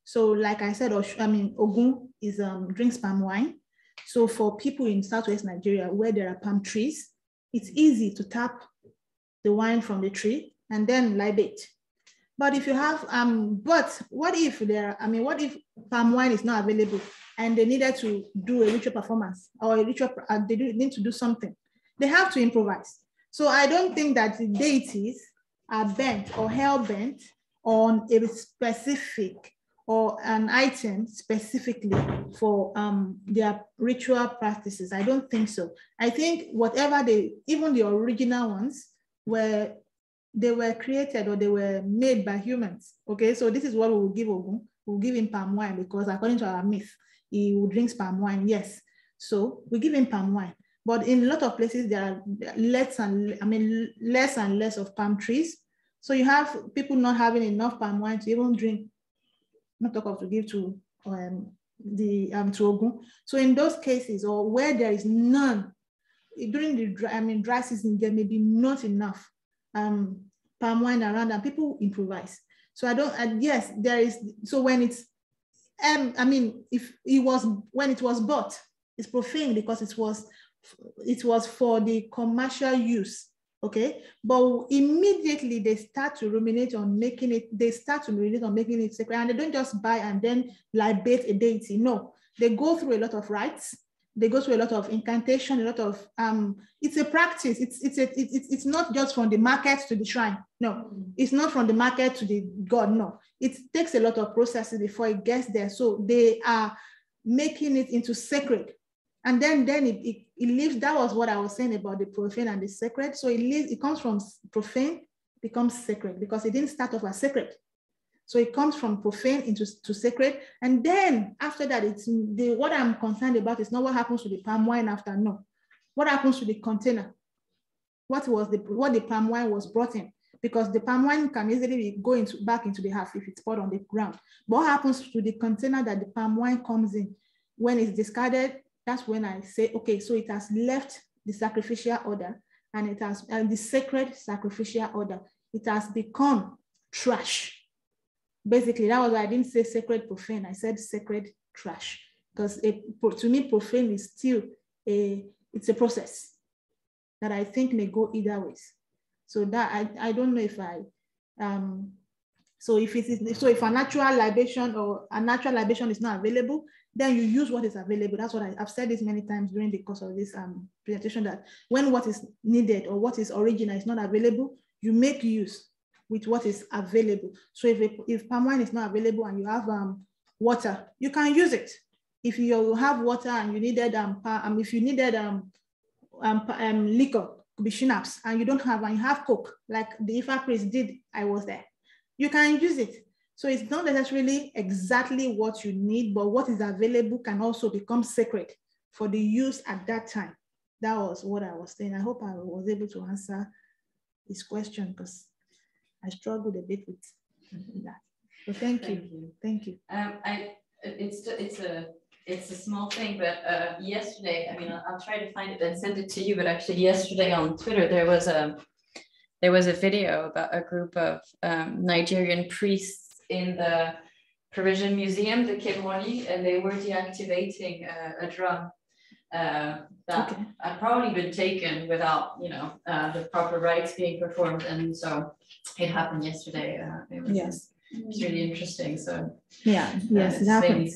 So, like I said, Osh, I mean Ogun is um, drinks palm wine. So, for people in Southwest Nigeria where there are palm trees, it's easy to tap the wine from the tree and then libate. But if you have, um, but what if there, I mean, what if palm wine is not available and they needed to do a ritual performance or a ritual, uh, they do, need to do something. They have to improvise. So I don't think that the deities are bent or hell-bent on a specific or an item specifically for um, their ritual practices. I don't think so. I think whatever they, even the original ones, were they were created or they were made by humans. Okay, so this is what we will give Ogun. We'll give him palm wine because according to our myth, he drink palm wine, yes. So we give him palm wine. But in a lot of places, there are less and I mean less and less of palm trees. So you have people not having enough palm wine to even drink, not talk of to give to um, the um, to Ogun. So in those cases, or where there is none during the dry, I mean dry season, there may be not enough um, palm wine around and people improvise. So I don't, I, yes, there is, so when it's, um, I mean, if it was, when it was bought, it's profane because it was, it was for the commercial use, okay? But immediately they start to ruminate on making it, they start to ruminate on making it sacred and they don't just buy and then libate a deity, no. They go through a lot of rites, they go through a lot of incantation, a lot of, um, it's a practice. It's, it's, a, it's, it's not just from the market to the shrine. No, mm. it's not from the market to the God. No, it takes a lot of processes before it gets there. So they are making it into sacred. And then, then it, it, it leaves, that was what I was saying about the profane and the sacred. So it leaves, it comes from profane, becomes sacred because it didn't start off as sacred. So it comes from profane into to sacred. And then after that, it's the what I'm concerned about is not what happens to the palm wine after. No. What happens to the container? What was the what the palm wine was brought in? Because the palm wine can easily go into, back into the house if it's poured on the ground. But what happens to the container that the palm wine comes in? When it's discarded, that's when I say, okay, so it has left the sacrificial order and it has and the sacred sacrificial order. It has become trash basically that was why I didn't say sacred profane. I said sacred trash because it, to me profane is still a it's a process that I think may go either ways. So that I, I don't know if I um so if it is so if a natural libation or a natural libation is not available, then you use what is available. That's what I, have said this many times during the course of this um, presentation that when what is needed or what is original is not available, you make use with what is available. So if, it, if palm wine is not available and you have um, water, you can use it. If you have water and you needed, um, um, if you needed um, um, um, liquor, could be schnapps, and you don't have, and you have coke, like the Ifa priest did, I was there. You can use it. So it's not necessarily exactly what you need, but what is available can also become sacred for the use at that time. That was what I was saying. I hope I was able to answer this question because I struggled a bit with that. So thank, thank you. you. Thank you. Um, I, it's, it's a, it's a small thing, but uh, yesterday, I mean, I'll, I'll, try to find it and send it to you. But actually, yesterday on Twitter, there was a there was a video about a group of um, Nigerian priests in the Parisian Museum, the Quai and they were deactivating uh, a drum uh, that okay. had probably been taken without, you know, uh, the proper rites being performed. And so it happened yesterday. Uh, it was, yes. It's really interesting. So yeah, uh, yes, it happened.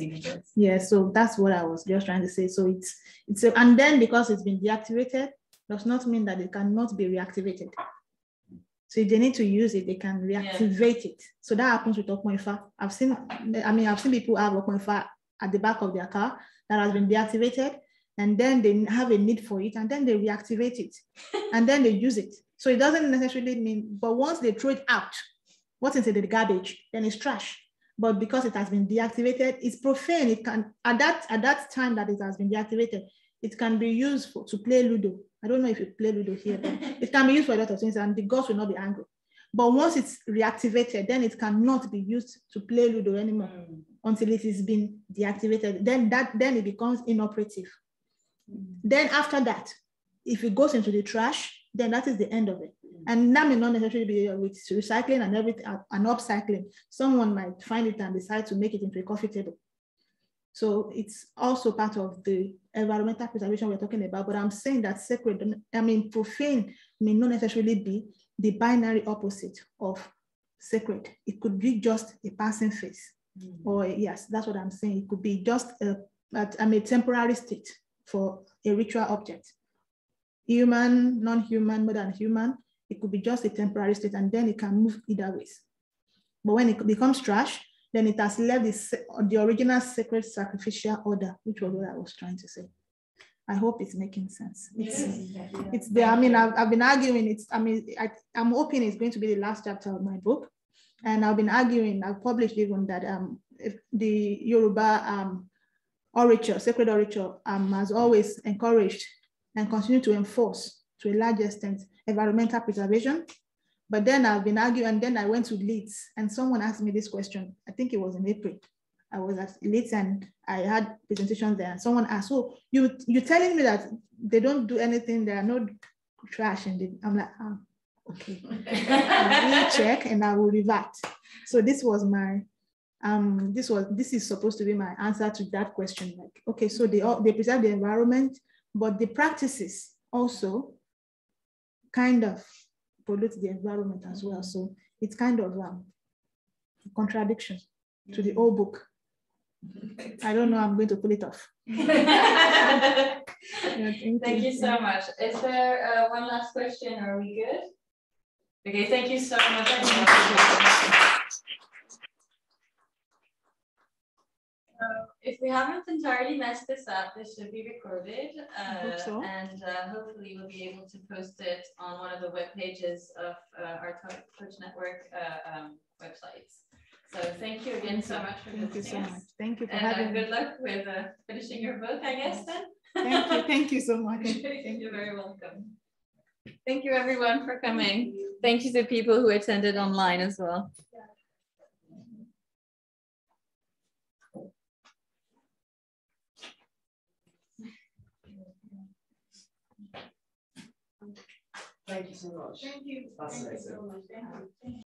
Yeah, so that's what I was just trying to say. So it's it's a, and then because it's been deactivated, does not mean that it cannot be reactivated. So if they need to use it, they can reactivate yeah. it. So that happens with Okmoifa. I've seen, I mean, I've seen people have Okmoifa at the back of their car that has been deactivated and then they have a need for it and then they reactivate it and then they use it. So it doesn't necessarily mean, but once they throw it out, what's inside the garbage, then it's trash. But because it has been deactivated, it's profane. It can at that at that time that it has been deactivated, it can be used for, to play Ludo. I don't know if you play Ludo here, but it can be used for a lot of things, and the gods will not be angry. But once it's reactivated, then it cannot be used to play Ludo anymore mm. until it has been deactivated. Then that then it becomes inoperative. Mm. Then after that, if it goes into the trash, then that is the end of it. Mm. And that may not necessarily be with recycling and everything and upcycling. Someone might find it and decide to make it into a coffee table. So it's also part of the environmental preservation we're talking about. But I'm saying that sacred, I mean, profane may not necessarily be the binary opposite of sacred. It could be just a passing phase. Mm -hmm. Or yes, that's what I'm saying. It could be just a, mean, temporary state for a ritual object. Human, non-human, more than human, it could be just a temporary state and then it can move either ways. But when it becomes trash, then it has left the, the original sacred sacrificial order, which was what I was trying to say. I hope it's making sense. It's, yes. it's there. I mean, I've, I've been arguing. It's. I mean, I, am hoping it's going to be the last chapter of my book, and I've been arguing. I've published even that um, the Yoruba um, orature, sacred orature, um, has always encouraged and continue to enforce to a large extent environmental preservation. But then I've been arguing, and then I went to Leeds, and someone asked me this question. I think it was in April. I was at Leeds and I had presentations there, and someone asked, "So oh, you you telling me that they don't do anything? There are no trash?" And I'm like, ah, "Okay, I will check and I will revert." So this was my um, this was this is supposed to be my answer to that question. Like, okay, so they all, they preserve the environment, but the practices also kind of pollute the environment as well. So it's kind of um, contradiction to the mm-hmm. old book. I don't know, I'm going to pull it off. yeah, thank, thank you. you. so much. Is there uh, one last question? Are we good? Okay, thank you so much. if we haven't entirely messed this up, this should be recorded, uh, so. and uh, hopefully we'll be able to post it on one of the web pages of uh, our Coach Network uh, um, websites. So thank you again so much for thank you so us. much. Thank you for and, uh, having. good luck with finishing your book, I guess. Then. thank you. Thank you so much. You're very welcome. Thank you everyone for coming. Thank you to people who attended online as well. Thank you so much. Thank you. Thank you so much. Thank you.